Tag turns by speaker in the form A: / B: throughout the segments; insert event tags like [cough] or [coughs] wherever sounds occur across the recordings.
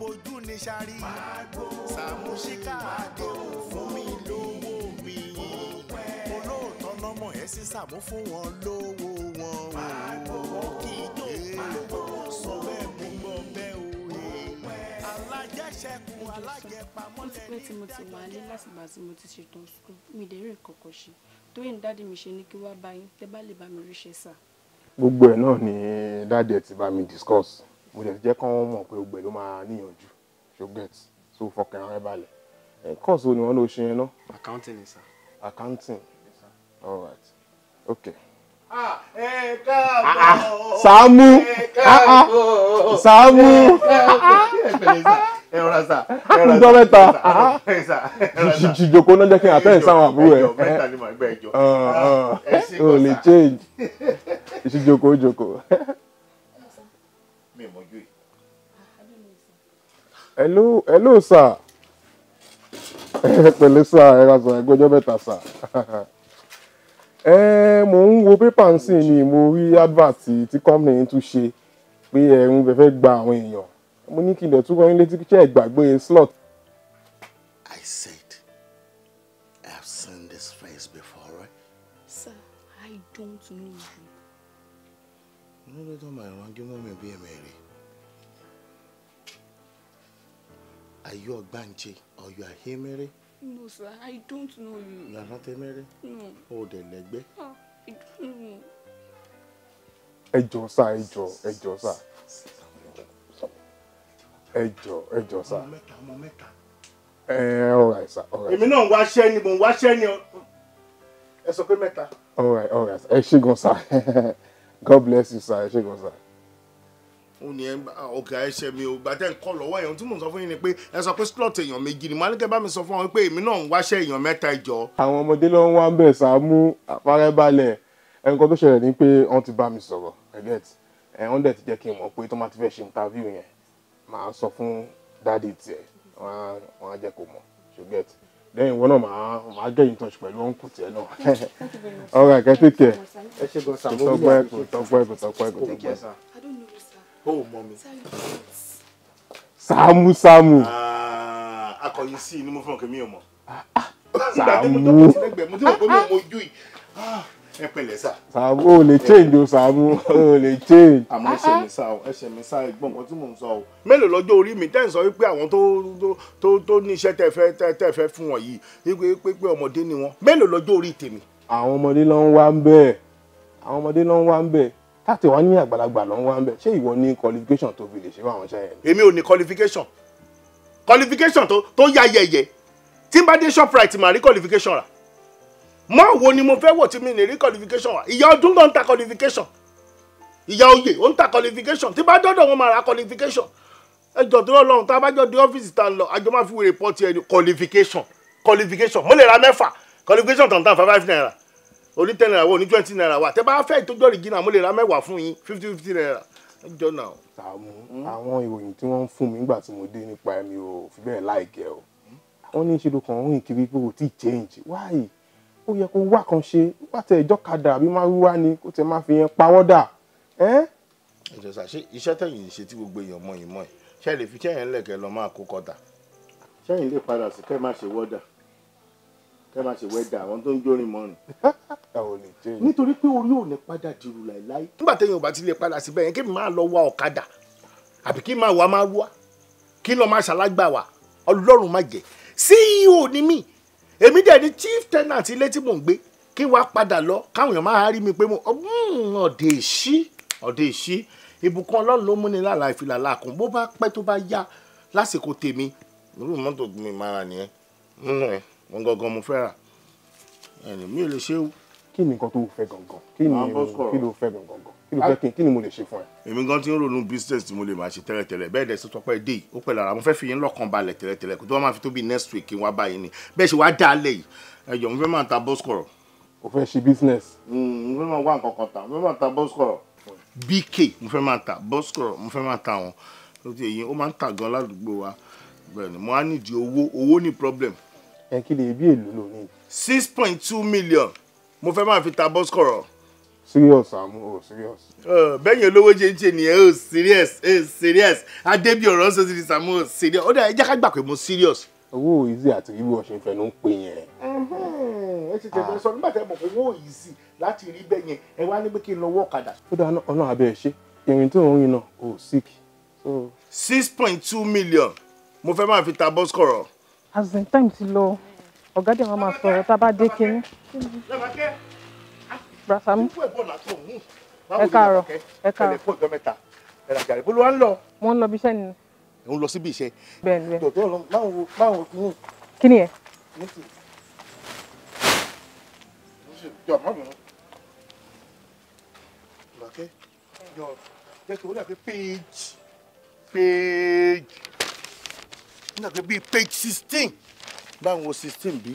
A: bojú ní sáré sàmúṣíkà àdéhùn fún mi lówó mi olóòótọ́ lọ́mọ ẹ̀ sì sàmú fún wọn lówó wọn o kì í jó sọ bẹ́ẹ̀ mú gbọ́ bẹ́ẹ̀ o alájẹṣẹ́kù ti pẹ́ tí mo ti wà ní lásìgbà tí mo ti ṣetán sukùl mi ìdérè kọ̀ọ̀kan ṣe tóyìn dáàdì mi ṣe ní kí wá bá tẹ́ bá lè bá mi ríṣẹ́ sà. gbogbo ẹ̀ náà ni dáàdì ẹ̀ ti bá mi discuss mo dẹ̀ ti jẹ́ kán mọ̀ pé ogbẹ̀ ló máa níyànjú ṣoget tó fọkàn ara balẹ̀ course wo ni wọ́n lọ ṣe yẹn náà. accounting ni sir. accounting all right okay. Ah, ah, ah. Sàámú Sàámú ẹ̀rọ sa ẹ̀rọ sa mẹ́ta jìjìjòkó náà jẹ́ kí n àtẹ́ ìsáwọn àbúrò ẹ̀ mẹ́ta ni màá gbẹ́ ẹjọ́ ẹ̀ ò lè change ìṣìjòkó [laughs] jòkó. hello hello sir [laughs] pẹ̀lẹ́ sà ẹ ra sàn ẹgbẹ́jọ́ mẹ́ta sà [laughs] mo ń wo pépà ń sìn ni mo rí advert tí company yín tún ṣe pé ẹ ń fẹ́ gba àwọn èèyàn mo ní kí ilẹ̀ tún kọrin létí kí ìgbàgbé slot. I said I have seen this face before right. Sir, I don't know you. No, no, don't mind. Give me a bit, man. Are you a Ogbanche or you a Emere? No, sir. I don't know you. You are not Emere? No. Oh, the legbe? Oh, I don't know. Ẹ jọ̀ọ́ sá, ẹ jọ̀ọ́, ẹ jọ̀ọ́ sá. Ẹ jọ̀ọ́, ẹ all right sir, all right. Èmi náà ń wá ṣẹ́ ni, mò ń wá ni. Ẹ sọ All right, all right. Ẹ ṣé [laughs] God bless you sir, ẹ ṣé ó ní ọ̀gá ẹsẹ̀ mi ò gbàtẹ́ ń kọ́ lọ́wọ́ èèyàn tí mò ń sọ fún yín ni pé ẹ sọ pé slot èèyàn méjì ni màálùkẹ́ bá mi sọ fún wọn pé èmi náà ń wáṣẹ́ èèyàn mẹ́ta ìjọ. àwọn ọmọdé ló ń wá ń bẹ̀ Sàámú àfárẹ́balẹ̀ ẹnìkan tó ṣẹlẹ̀ ni pé wọ́n ti bá mi sọ̀rọ̀ ẹ̀gẹ́t ẹ̀hún dẹ̀ ti jẹ́ kí n mọ̀ pé tó máa ti fẹ́ ṣe interview yẹn màá sọ fún dáàdì tiẹ̀ wọ́n á jẹ́ kó mọ̀ ṣùgẹ́t lẹ́yìn ìwọ náà màá màá get in touch pẹ̀lú ọ̀nkù tiẹ̀ náà ọ̀rọ̀ ẹ̀kẹ́ tètè ẹ̀ kò tọ́pẹ́ kò tọ́pẹ́ kò tọ́pẹ́ ó mọ mi. Sàámú Sàámú. Ah, akọ̀yìn sí i ni mo fún ọkàn mi ò mọ̀. Ah, sàámú. mo ti mọ̀ pé mi ò mojú yìí ah, ẹ pẹ̀lẹ́ sà. Sàámú o lè change o Sàámú o lè change. àmọ́ ẹsẹ̀ mi sá o ẹsẹ̀ do, sá ẹ̀gbọ́n nǹkan tí mò ń do, o. mélòó lọ́jọ́ orí mi tẹ́ ń sọ wípé àwọn tó tó tó ní iṣẹ́ tẹ́ fẹ́ tẹ́ fẹ́ fún wọn yìí wípé pé ọmọdé ni wọn mélòó lọ́jọ́ do, tèmi. àwọn ọmọdé ló ń wá ń bẹ́ẹ̀ àwọn ọmọdé ló ń wá ń bẹ́ẹ̀ láti wá ní àgbàlagbà lọ́n wá ń bẹ̀ ṣé ìwọ ní qualification tó fi lè ṣe fáwọn iṣẹ́ yẹn. èmi ò ní qualification qualification tó tó yá yẹyẹ tí n bá dé shoprite màá rí qualification rà mọ́ wo ni mo fẹ́ wọ̀ tí mi ní rí qualification rà ìyá ọdún náà ń ta qualification ìyá oyè ó ń ta qualification tí bá dọ́dọ̀ wọn máa ra qualification ẹjọ́ tó lọ lọ́run tá a bá jọ dé ọ́fíìsì tá a lọ àjọ máa fi wèrè pọ́ọ̀tì ẹni qualification qualification mo lè ra mẹ́fà qualification tàn tàn five five oní ten naira wọ oní twenty naira wà tẹ bá fẹ́ ìtọ́jú original mo lè ra mẹ́wàá fún yín fifty fifty naira jọ náà. Sàámú àwọn ìròyìn tí wọ́n ń fún mi nígbà tí mo dé nípa ẹ̀mí o fi bẹ́ẹ̀ láìkẹ́ o wọ́n ní ìṣèlú kan rìn kiri pé kò tí ì change wáyé ó yẹ kó wá kan ṣe wá tẹ ìjọ kadà àbí má wíwá ni kó tẹ má fi yẹn pawọ́ dà. ìjọsà ṣe iṣẹ́ tẹ̀yìn ṣe tí gbogbo èèyàn mọ̀ yìí mọ̀ ẹ̀ ṣe lè fi ṣẹ́yìn lẹ̀kẹ́ lọ máa kó kọ́ta. ṣẹ́yìn lè padà sí kẹ́ má ṣe wọ́dà kẹ́ máa ṣe wẹ́dà àwọn tó ń jórin mọ́rin. [laughs] nítorí pé orí ò ní padà dìrù láìláì. nígbà téèyàn ò bá ti lè padà síbẹ̀ yẹn kí mi máa lọ wa ọ̀kadà àbí kí máa wà máa wá kí lọ́ọ́ máa ṣàlágbà wà ọlọ́run má jẹ́ CEO ni mí èmi dẹ̀ ni chief tenant ilé tí mò ń gbé kí wàá padà lọ káwọn èèyàn máa rí mi pé mo hmm, ọ̀dẹ̀ èṣí ọ̀dẹ̀ èṣí ìbùkún ọlọ́run ló múni láàlà ìfìlà làákùn bó bá pẹ́ tó bá yá lásìkò tèmi irú mọ́tò mi máa nìyẹn nínú ẹ̀ wọn gangan mo fẹ́ rà ẹni mi ò lè ṣe o. kí ni nǹkan tó fẹ́ gangan kí ni kí ló fẹ́ gangan kí ló fẹ́ kí ni mo lè ṣe fún ẹ. èmi gan ti ń ronú business tí mo lè máa ṣe tẹ́lẹ̀tẹ́lẹ̀ bẹ́ẹ̀ dẹ̀ sọ́tọ́ pé dé ó pẹ̀lú ara mo fẹ́ fi yín lọ́kàn balẹ̀ tẹ́lẹ̀tẹ́lẹ̀ kó tó wá máa fi tóbi next week kí n wá báyìí ni bẹ́ẹ̀ ṣe wá dá a lẹ̀ yìí ẹ̀yọ̀ mo fẹ́ máa ta bọ́ sọ̀rọ̀. o fẹ́ ṣe business. Hmm, mo fẹ́ máa wá nǹkan kan ta mo fẹ́ máa ta bọ́ sọ̀rọ̀ bk mo fẹ́ máa ta bọ́ sọ̀rọ̀ mo fẹ́ máa ta wọn ó ti èyí ó máa ń tà gan ládùúgbò wa bẹ́ẹ̀ ni mo á nídìí owó owó ní problem ẹ kí lè bí èlò lò ní. six point two million mo fẹ́ máa fi ta bọ́ sọ̀rọ̀. serious àmú o oh, serious. bẹ́ẹ̀ni olówó jẹ́ jẹ́ ni ẹ o oh, serious ẹ oh, serious adébí ọ̀rọ̀ ṣe ti sàmú o serious ó dà ẹ jẹ́ ká gbà pé mo serious. owó easy àti rí bí wọ́n ṣe ń fẹnu ń pè yẹn. ẹ ti tẹ̀lé ah. sọ nígbà tẹ́ mọ̀ pé owó easy láti rí bẹ́ẹ̀ yẹn ẹ wá ní pé kí n lọ wọ́ ọ̀kadà. ó dáa ọ̀nà abẹ́ ẹ ṣe ìrìn tó ń rìn náà ò sick. six point two million mo fẹ́ máa fi ta bọ́ sọ̀rọ̀ azin time ti lọ ọ̀gá dẹ̀ wọn máa sọ̀rọ̀ tá a bá dé kínní. brasa mi ẹ káàárọ̀ ẹ káàárọ̀ ẹ̀ràjàre bó ló wá ń lọ. mo ń lọ bí iṣẹ́ ni. ò ń lọ síbi iṣẹ́. bẹ́ẹ̀ni bẹ́ẹ̀ni. tòótọ́ kí ni ẹ. jọ má bínú. bàkẹ́ jẹ́ kí wọ́n dà pé page ní àgbẹ̀ bíi page sixteen báwo wo sixteen bí.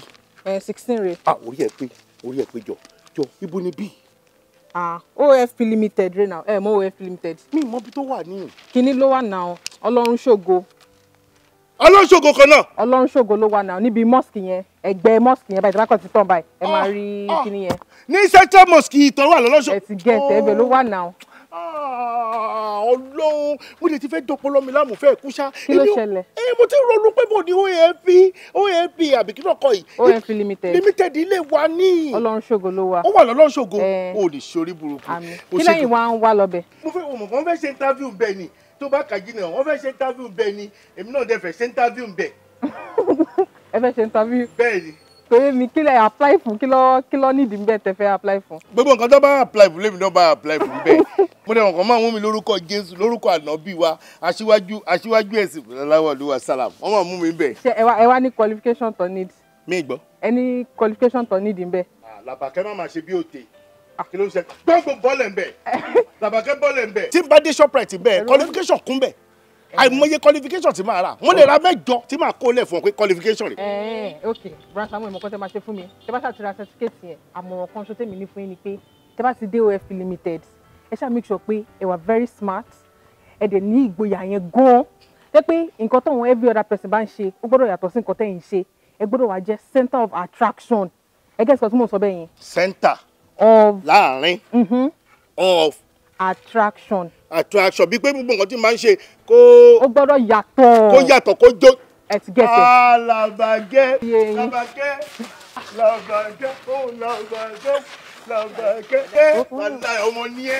A: ẹ sixteen rè. a ah, orí ẹ pé orí ẹ pé jọ jọ ibo ni bí. ah ofp limited rè náà ẹ mọ ofp limited. mi mọ bí tó wà ní. kinní ló wà náà ọlọ́run ṣògo. ọlọ́run ṣògo kan náà. ọlọ́run ṣògo ló wà náà níbi mosque yẹn ẹgbẹ́ mosque yẹn báyìí tí bákan ti tán báyìí ẹ máa ah,
B: rí ah. kinní yẹn.
A: ní central mosque ìtọ́wà lọ́lọ́ṣọ́. ẹ ti gẹ̀ tẹ́ ẹ bẹ̀ ló wà náà. Ah, ọlọ́run mo lè ti fẹ́ dọpọlọ mi láàmú fẹ́ kú ṣá. kí ló ṣẹlẹ̀. ẹ eh, mo ti ronú pé mo ní OAP OAP àbí kí lọ́kọ̀ yìí. OAP limited limited ilé wa ní. ọlọ́run ṣògo ló wà. ó wà lọ́lọ́run ṣògo eh. o lè ṣorí burúkú. kí lẹ́yìn wa ń wá lọ́bẹ̀. mo fẹ́ mo mọ̀ fẹ́ ṣe interview bẹ́ẹ̀ ni tó bá kàjí náà wọ́n fẹ́ ṣe interview bẹ́ẹ̀ ni èmi náà dẹ̀ fẹ́ ṣe interview bẹ́ẹ̀. [laughs] ẹ fẹ́ ṣe interview. bẹ́ẹ̀ ni pé mi kí lẹ apply fún kí lọ kí lọ nídìí bẹ́ẹ̀ tẹ fẹ́ apply fún. gbogbo nǹkan tó bá apply fún lèmi náà bá apply fún bẹ́ẹ̀ mo dẹ̀ wọ̀n kàn máa mú mi lórúkọ jésù lórúkọ ànábì wa aṣíwájú aṣíwájú ẹ̀sìn ìfúnláwọ̀ olúwa sálàm wọ́n máa mú mi bẹ́ẹ̀. ṣe ẹ wá ẹ wá ní qualification tó need. mi gbọ́. ẹ ní qualification tó need bẹ́ẹ̀. làbàkẹ́ má máa ṣe bí òtè kí ló ń ṣe gbọ́ngbọ́n bọ́ọ̀lẹ̀ ń bẹ̀ [laughs] làbàkẹ́ bọ́ọ̀lẹ̀ ń bẹ̀. tí n bá dé shoprite bẹ́ẹ̀ qualification kún bẹ́ẹ̀ àìmọye qualification tí màá rà mo lè ra mẹ́jọ tí màá kó lẹ̀ fún ọ pé qualification rẹ̀.
B: ẹ ẹ ok brother Samuel ìmọ̀kan tẹ máa ṣe fún mi tẹ bá ṣàtúrà certificate yẹn àmọ̀ràn kan ṣo tèmi ní fún yín ni pé tẹ bá ti dé
A: OFP limited ẹ ṣáà make sure pé ẹ wà very smart ẹ dẹ̀ ní ìgboyà yẹn gan-an jẹ́ pé nǹkan tóun every other person bá ń ṣe ó gbọ́dọ̀ yàtọ̀ sí nǹkan tẹ̀yìn ṣe ẹ gbọ́dọ̀ wá jẹ́ center of attraction ẹ gẹ́sì kan tí mò ń sọ bẹ́ẹ̀ yẹn. center of láàrin mhm. of attraction attraction bíi pé gbogbo nǹkan tí màá ń ṣe kó. ó gbọ́dọ̀ yàtọ̀. kó yàtọ̀ kó jó. ẹ ti gẹ̀ẹ́sẹ̀. alabagẹ́ labagẹ́ labagẹ́ ó labagẹ́ labagẹ́ ẹ wàlá ọmọ hmm. ní ẹ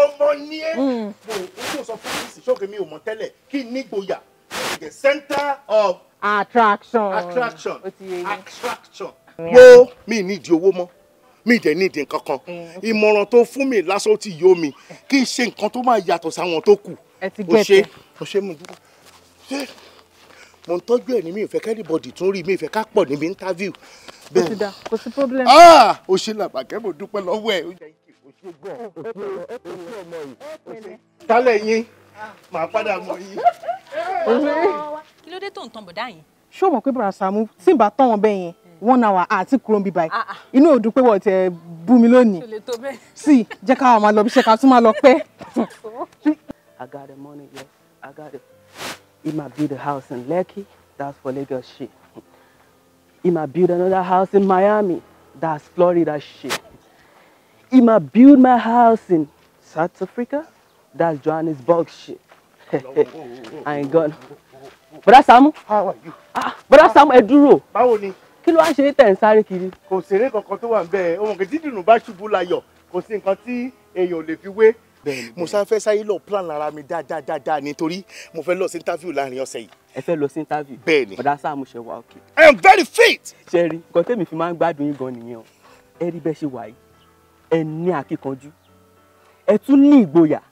A: ọmọ ní ẹ. mo ò tó sọ fún mi sí ṣọ́ọ̀kì mi ò mọ̀ tẹ́lẹ̀ kí n nígboyà the center of. attraction attraction attraction wo mi ní ìdí owó mọ́ mi dẹ̀ ní ìdí nǹkan kan eh, ìmọ̀ràn tó fún mi lásán ó ti yó mi kí n ṣe nǹkan tó máa yàtọ̀ sáwọn tó kù ó ṣe ó ṣe mo dúró ṣe mo ń tọ́jú ẹ̀ ní mi ìfẹ́ kẹ́rìbọ̀dì tún rí mi ìfẹ́ ká pọ̀ níbi interview bẹ́ẹ̀ kò sí da kò sí problem. ó ah! ṣe làbàkẹ́ mo dúpẹ́ lọ́wọ́ ẹ̀ ó jẹ́ kí o ṣe tálẹ̀ yín màá padà mọ̀
B: yín. kí ló dé tó ń tan bọ̀dá yẹn.
A: ṣé o mọ̀ pé bàrà Sàámú tí ń one hour àti ah, kúrò báyìí ah, ah. inú ò wọ́n tẹ bú mi lónìí sí jẹ́ ká máa lọ bíṣẹ́ ká tún máa lọ pẹ́. I got the money I got it he ma build a house in Lekki that's for Lagos shit he ma build another house in Miami that's Florida shit he ma build my house in South Africa that's Johannesburg shit [laughs] I ain't gonna. Brother Samu. How are you? Ah, Brother Samu, ẹ dúró. Báwo ni? kí ló wá ṣe tẹ̀ ń sáré kiri. kò ṣeré kankan tó wà ń ohun kì í dídùnnú bá ṣubú layọ̀ kò sí nǹkan tí èèyàn ò lè fi wé. mo sá fẹ́ sáyé lọ plan ara mi dáadáa nítorí mo fẹ́ lọ sí interview láàrin ọ̀sẹ̀ yìí. ẹ fẹ́ lọ sí interview. bẹ́ẹ̀ni ọ̀dà sáà mo ṣe wà òkè. I am very fit. ṣe rí nǹkan tẹ́mi fi máa ń gbádùn yín gan nìyẹn o ẹ rí bẹ́ẹ̀ ṣe wà yìí ẹ ní àkíkanjú ẹ tún ní ìgboyà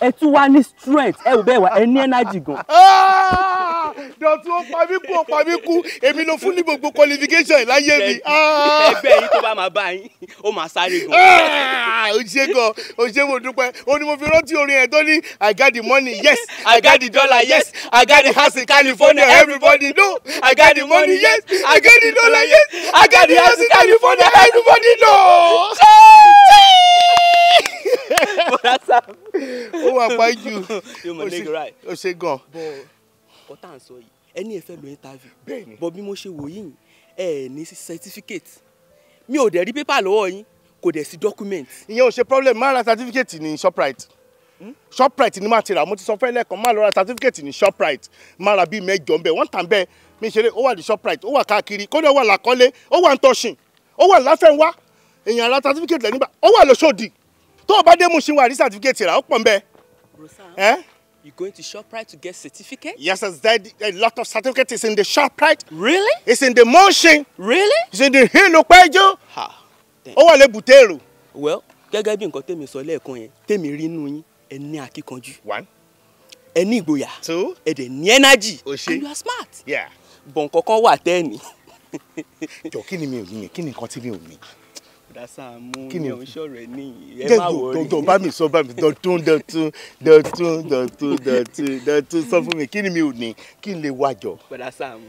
A: ẹ tún wá ní strength ẹ wò bẹ́ẹ̀ wá ẹ ní energy gan. Ah! dọ̀tún ó pa mí kú ó pa mí kú èmi ló fún ní gbogbo qualification ẹ̀ láyé mi. ẹgbẹ́ yìí ah! tó bá máa bá yín ó máa sáré gan. o ah! ṣe gan o ṣe mo dúpẹ́ o ni mo fi rántí orin ẹ̀ tó ní i got the money yes i got the dollar yes i got the house in california everybody know i got the money yes i got the dollar yes i got the house in california everybody know. apá find you my nigga right. o ṣe gan. bọ ọtá ń sọ yìí ẹni ẹ fẹ́ lọ interview. bẹ́ẹ̀ni. bọ bí mo ṣe wò yín ẹ ní certificate mi ò dẹ̀ rí pépà lọ́wọ́ yín kò dẹ̀ sí document. ìyẹn ò ṣe problem máa ra certificate ní shoprite hmm? shoprite ni máa ti rà mo ti sọ fẹ́ lẹ́ẹ̀kan máa lọ ra certificate ní shoprite máa ra bíi mẹ́jọ ńbẹ wọ́n tàn bẹ́ẹ̀ mi ṣeré ó wà ní shoprite ó wà káàkiri kódà ó wà làkọ́lé ó wà ntọ́sìn ó wà láfẹ́ńwá èèyàn ra certificate lẹ́nu bá ó wà lóṣòdì tó o bá dé mú ṣe wà rí certificate rà ó pọ̀ ńbẹ́ẹ́ Eh? You going to ShopRite to get certificate? Yes, there a lot of certificate is in the ShopRite. Really? It's in the motion. Really? It's in the hilo pejo. Ha. Ó wà lẹ́bùtẹ́rù. Well, gaga bí nǹkan tèmi sọ lẹ́ẹ̀kan yẹn, tèmi rí inú yín, ẹ ní akíkanjú. One. Ẹ buya. Two. Ẹ dẹ̀ ní energy. O And you are smart. Yeah. Bọ̀ǹkọ̀kan wà tẹ́ẹ̀ni. Jọ kí ni mi ò ní yẹn, kí ni nǹkan mi ò ní? dasa mu mi ò ń sọ̀rọ̀ ẹ ẹ má wọrí. jẹ́ dọ̀tún bá mi sọ bá mi dọ̀tún dọ̀tún dọ̀tún dọ̀tún dọ̀tún sọ fún mi kí ni mi ò ní kí n lè wájọ. bọ̀dá Sam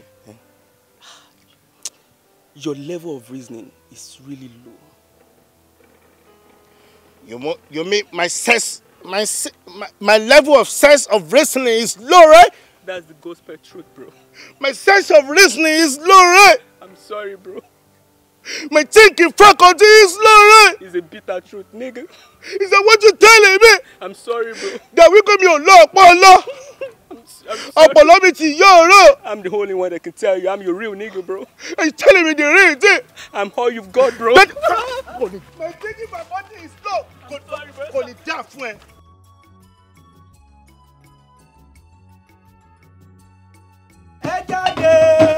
A: your level of reasoning is really low. you mo you mean my sense my my my level of sense of reasoning is low right. that's the gospel truth bro. my sense of reasoning is low right. i'm sorry bro. My thinking fuck is this, right. It's a bitter truth, nigga. He said, what you telling me? I'm sorry, bro. That we come here, law, poor law. [laughs] Ọpọlọ mi ti yọ ọ̀rọ̀. I'm the only one that can tell you I'm your real nigga, bro. Are you telling me the real thing? I'm all you've got, bro. [laughs] my thinking my body is low. I'm sorry, bro. Kò ní dá fún ẹ. ẹ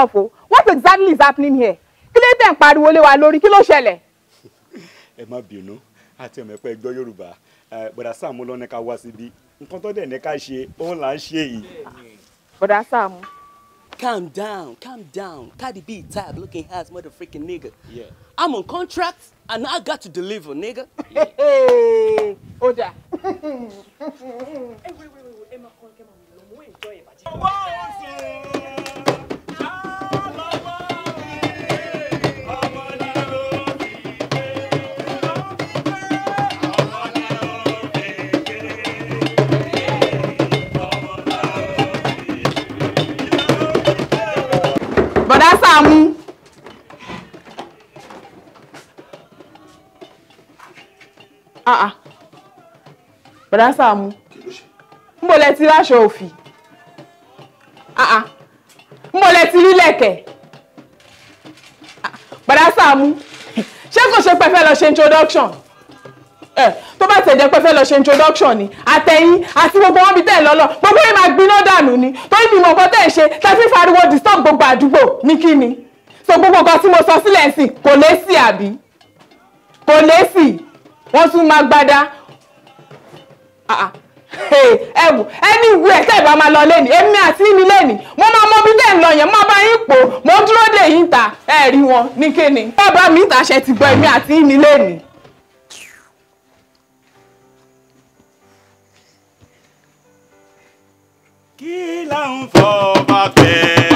A: yourself o what exactly is happening here kí ló tẹ̀ ń pariwo lé wa lórí kí ló ṣẹlẹ̀. ẹ má bínú àti ọmọ ẹ̀pẹ́ gbọ́ yorùbá bọ̀dà sáàmù lọ́nà ká wá síbi nǹkan tó dẹ̀ ní ká ṣe òun là ń ṣe yìí. bọ̀dà sáàmù. calm down calm down Cardi B type looking ass motherfucking nigga yeah. I'm on contract and I got to deliver nigga. ó dà.
C: ẹ wẹ́wẹ́wẹ́ ẹ máa kọ́ ẹ máa mú ẹ̀ jọ ẹ̀ bàjẹ́.
A: bọ̀dá Sàámú. Ah, ah. bọ̀dá Sàámú ń bọ̀ lẹ ti ráṣọ òfì ń ah, bọ̀ lẹ ti rí lẹ̀kẹ̀ bọ̀dá Sàámú ṣé kò ṣe pé fẹ́ lọ ṣe introduction. Eh tó bá tẹ̀jẹ́ pé fẹ́ lọ ṣe introduction ni àtẹ̀yìn àti gbogbo wọn bí tẹ̀ lọ́lọ́ gbogbo yẹn máa gbiná dànù ni torí mi mọ̀ kọ́ tẹ̀ ṣe tàbí fariwo disturb gbogbo àdúgbò ní kí ni so gbogbo nǹkan tí mo sọ sílẹ̀ sí kò lè sí àbí kò lè sí wọ́n tún máa gbada ẹwù ẹni ìwú ẹ tẹ́ bá máa lọ lẹ́ni èmi àti mi lẹ́ni mo máa mọ bí lẹ́nu lọ yẹn mo bá yín pò mo dúró dè yín ta ẹ rí wọn ní kíni bàbá mi ìtàṣẹ ti gbọ́ èmi àti mi lẹ́ni. Que lá um vó bater.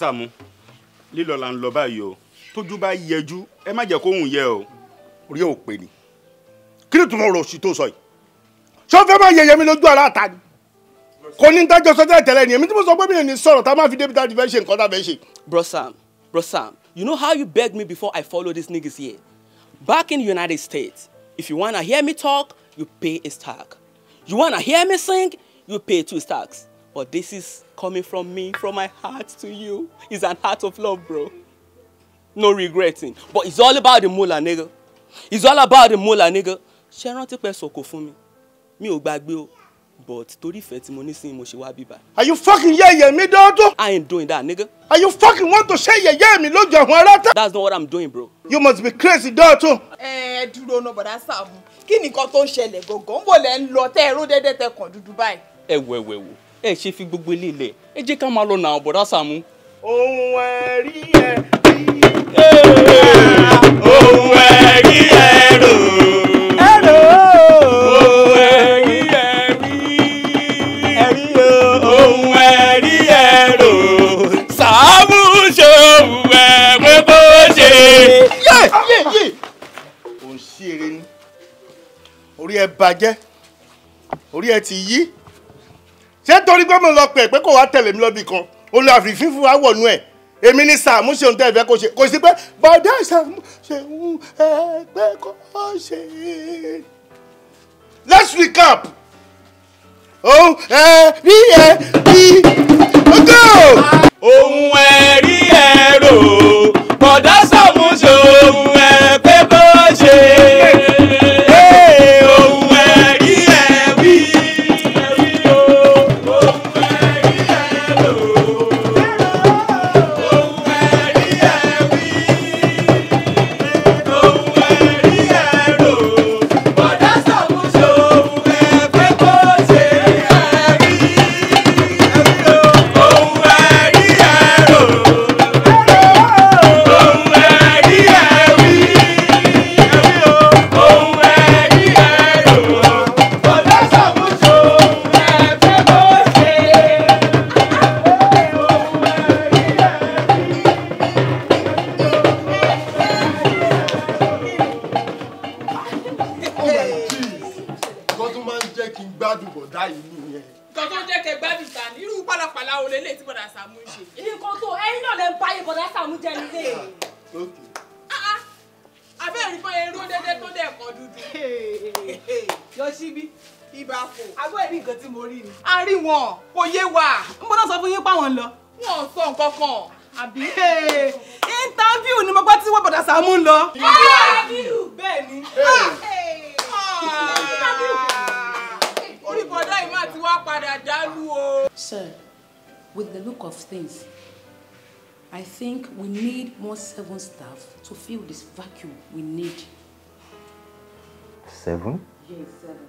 A: Sàámú lílọ là ń lọ báyìí o tójú bá yẹjú ẹ má jẹ́ kóhùn yẹ o. orí ò pè ní kí ni tùmọ̀ ọ̀rọ̀ òsì tó sọ yìí ṣé o máa yẹyẹ mi lójú ara ta ni kò ní dájọ́ sọ́jà tẹ́lẹ̀ ni èmi tí mo sọ pé mi ò ní sọ̀rọ̀ tá a máa fi débi tá a ṣe nǹkan tá ṣe. Bro Sam, Bro Sam, you know how you begged me before I follow these niggas here? Back in the United States, if you wanna hear me talk, you pay a stack. You wanna hear me sing, you pay two stacks. But this is coming from me, from my heart to you. It's an heart of love, bro. No regretting. But it's all about the moolah, nigga. It's all about the moolah, nigga. Ṣé rántí pé sọ̀kò fún Me Mi ò gbàgbé o. But tori ìfẹ́ tí mo ní sí mo ṣe wá Are you fucking yẹ̀yẹ̀ me, dọ́dún? I ain't doing that, nigga. Are you fucking want to ṣe yẹ̀yẹ́ mi me àwọn ará tá? That's not what I'm doing, bro. You must be crazy dọ́dún. Eh, ẹ dúró náà but Sàámú. Kí ni nǹkan tó ń ṣẹlẹ̀ gangan? Ń bò lẹ́ ń lọ tẹ́ ẹ ró dẹ́dẹ́ tẹ kàn dúdú ẹ ṣe fi gbogbo ilé ilẹ̀ ẹ jẹ́ ká máa lọ nà ọ̀bọ̀dá Sàámú. ohun ẹ̀rí ẹ̀ rí ohun ẹ̀rí ẹ̀ rò. orí ẹ bàjẹ́ orí ẹ ti yí ṣé torí pé mo lọ pè pé kò wá tẹ̀lé mi lọ́bì kan olùhàfin fífún wa wọ̀nú ẹ̀ èmi ní sàmú ṣe ohun tẹ́ ẹ fẹ́ kó ṣe kò sí pé bàdá sàmú ṣe ń ẹgbẹ́ kó ṣe. let's recap. ohun ẹ rí ẹ rí go. ohun ẹ rí ẹ rò bọ̀dá sàmú. vacuum we need. Seven? Yes, seven.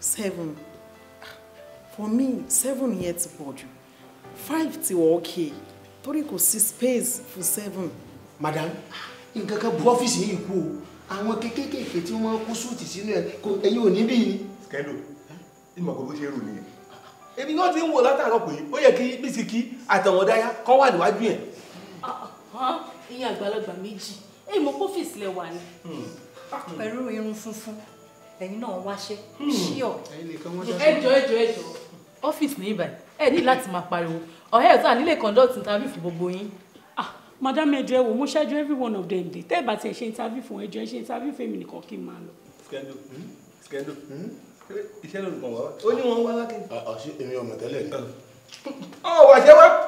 A: Seven. For me, seven years ti you. Five ti okay. Torí kò sí space for seven. Madam, nǹkan kan bu ọ́fíìsì yìí kú o. Àwọn kékékèké tí wọ́n kó súùtì sínú ẹ̀ kò ẹ̀yin ò ní bí ni. Skendo, ìmọ̀ kò bó ṣe rò nìyẹn. Èmi náà ti ń wò látàárọ̀ pé ó yẹ kí bísí kí àtàwọn dáyà kọ́ wà níwájú yẹn. Ah, ah, ah, ìyẹn àgbàlagbà méjì èyí mo kófìsì lẹ wà ní. Hmm. pẹ̀lú irun funfun ẹ̀yin náà wáṣẹ́ ṣíọ̀. ẹjọ ẹjọ ẹjọ ọ́fíìsì ní ìbàdàn ẹ ní láti máa pariwo ọ̀hẹ́ ẹ̀ta nílé conduct interview fún gbogbo yín. Ah, madam ẹjọ ẹ wò mo ṣáájú every one of them dé tẹ́ẹ̀ bá tiẹ̀ ṣe interview fún ẹjọ ẹ ṣe interview fún èmi nìkan kí n máa lọ. skendo hmm? skendo hmm? iṣẹ́ lórúkọ wa ó ní wọn wá lákè. ọ̀ṣẹ́ ah, ah, èmi ọmọ tẹ́lẹ̀ [laughs]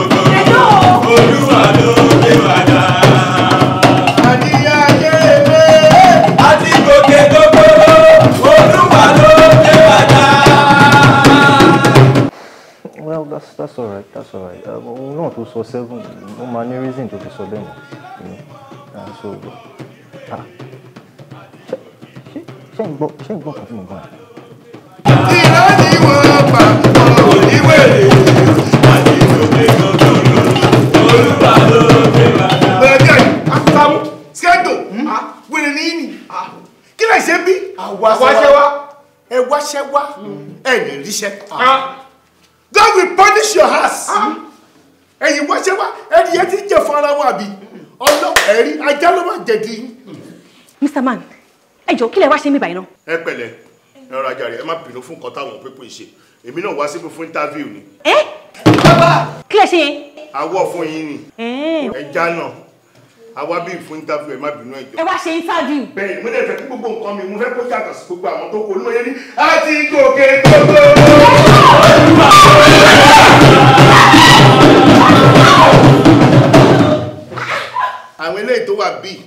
B: that's alright that's alright uh, òun náà tó sọ seven No money ní reason tó fi sọ bẹ́ẹ̀ mọ́ uh, so ah, ń change ṣé change gbọ́ kàfin mi gan. ìlànà ìwọ̀n àgbà kò ní wẹ̀rẹ̀
A: àti ìṣòfin gbọ́dọ̀ olúwa ló fi máa dá. bẹ́ẹ̀ ni akutamu skẹ́tò ah, wèrè ní ìní ah, kí lè ṣe bí àwa ṣe wa ẹ God will punish your house. Ah. ẹ̀yin wọ́n ṣe wá ẹni yẹn ti jẹ fún ara wọn àbí ọlọ́wọ́ ẹ̀rí ajá ló máa jẹ̀dí.
B: Mr. Man ẹ jọ kí lẹ wá ṣe mí báyìí náà.
A: ẹ pẹ̀lẹ́ ẹ rọra jàre ẹ má bínú fún nǹkan táwọn pépè ṣe èmi náà wá síbi fún interview ni. ẹ eh?
B: bàbá kí lẹ ṣe yẹn.
A: awọ fún yín ni eh. ẹ já àwa bí fún interview ẹ má bínú ẹjọ. ẹ wá ṣe interview. bẹ́ẹ̀ mo lè fẹ́ kí gbogbo nǹkan mi mo fẹ́ kó yàtọ̀ sí gbogbo àwọn tó kó nínú yẹn ní àti gòkè gbogbo. àwọn eléyìí tó wà bíi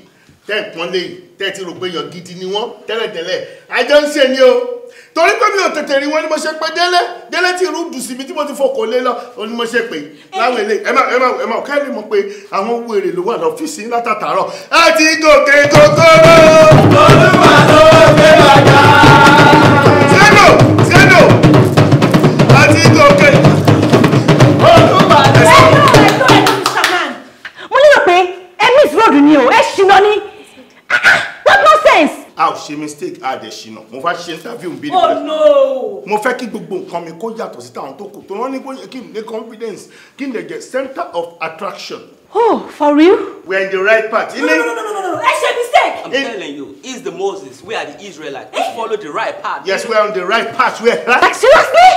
A: tẹ́ pọ́n léyìí tẹ́tí rò pé èèyàn gidi ni wọ́n tẹ́lẹ̀tẹ́lẹ̀ àjọ ń ṣe ni o torí pé mi ò tètè rí wọn ni mo ṣe pé délé délé tí irú dùn sí mi tí mo ti fọkàn lé lọ òun ni mo ṣe pé láwọn èlé ẹ máa ẹ máa ẹ máa ká lè mọ pé àwọn owó èrè ló wà lọ́fíìsì ńlá tàtàrọ̀ àti gòkè gòkòrò olúwa ló gbé bàjá. ṣe mistake a dẹ̀ ṣìnà mo fẹ́ ṣe interview bí oh, ní pẹ̀lú mo fẹ́ kí gbogbo nǹkan mi kó yàtọ̀ sí táwọn tó kù tó wọ́n ní kó yẹ kí n ní confidence kí n lè jẹ́ center of attraction. oh for real. we are in the right path. no no no no no no ẹ ṣe mistake. i'm it, telling you he's the moses we are the israelites we eh? follow the right path. yes we are on the right path we are right. seriously.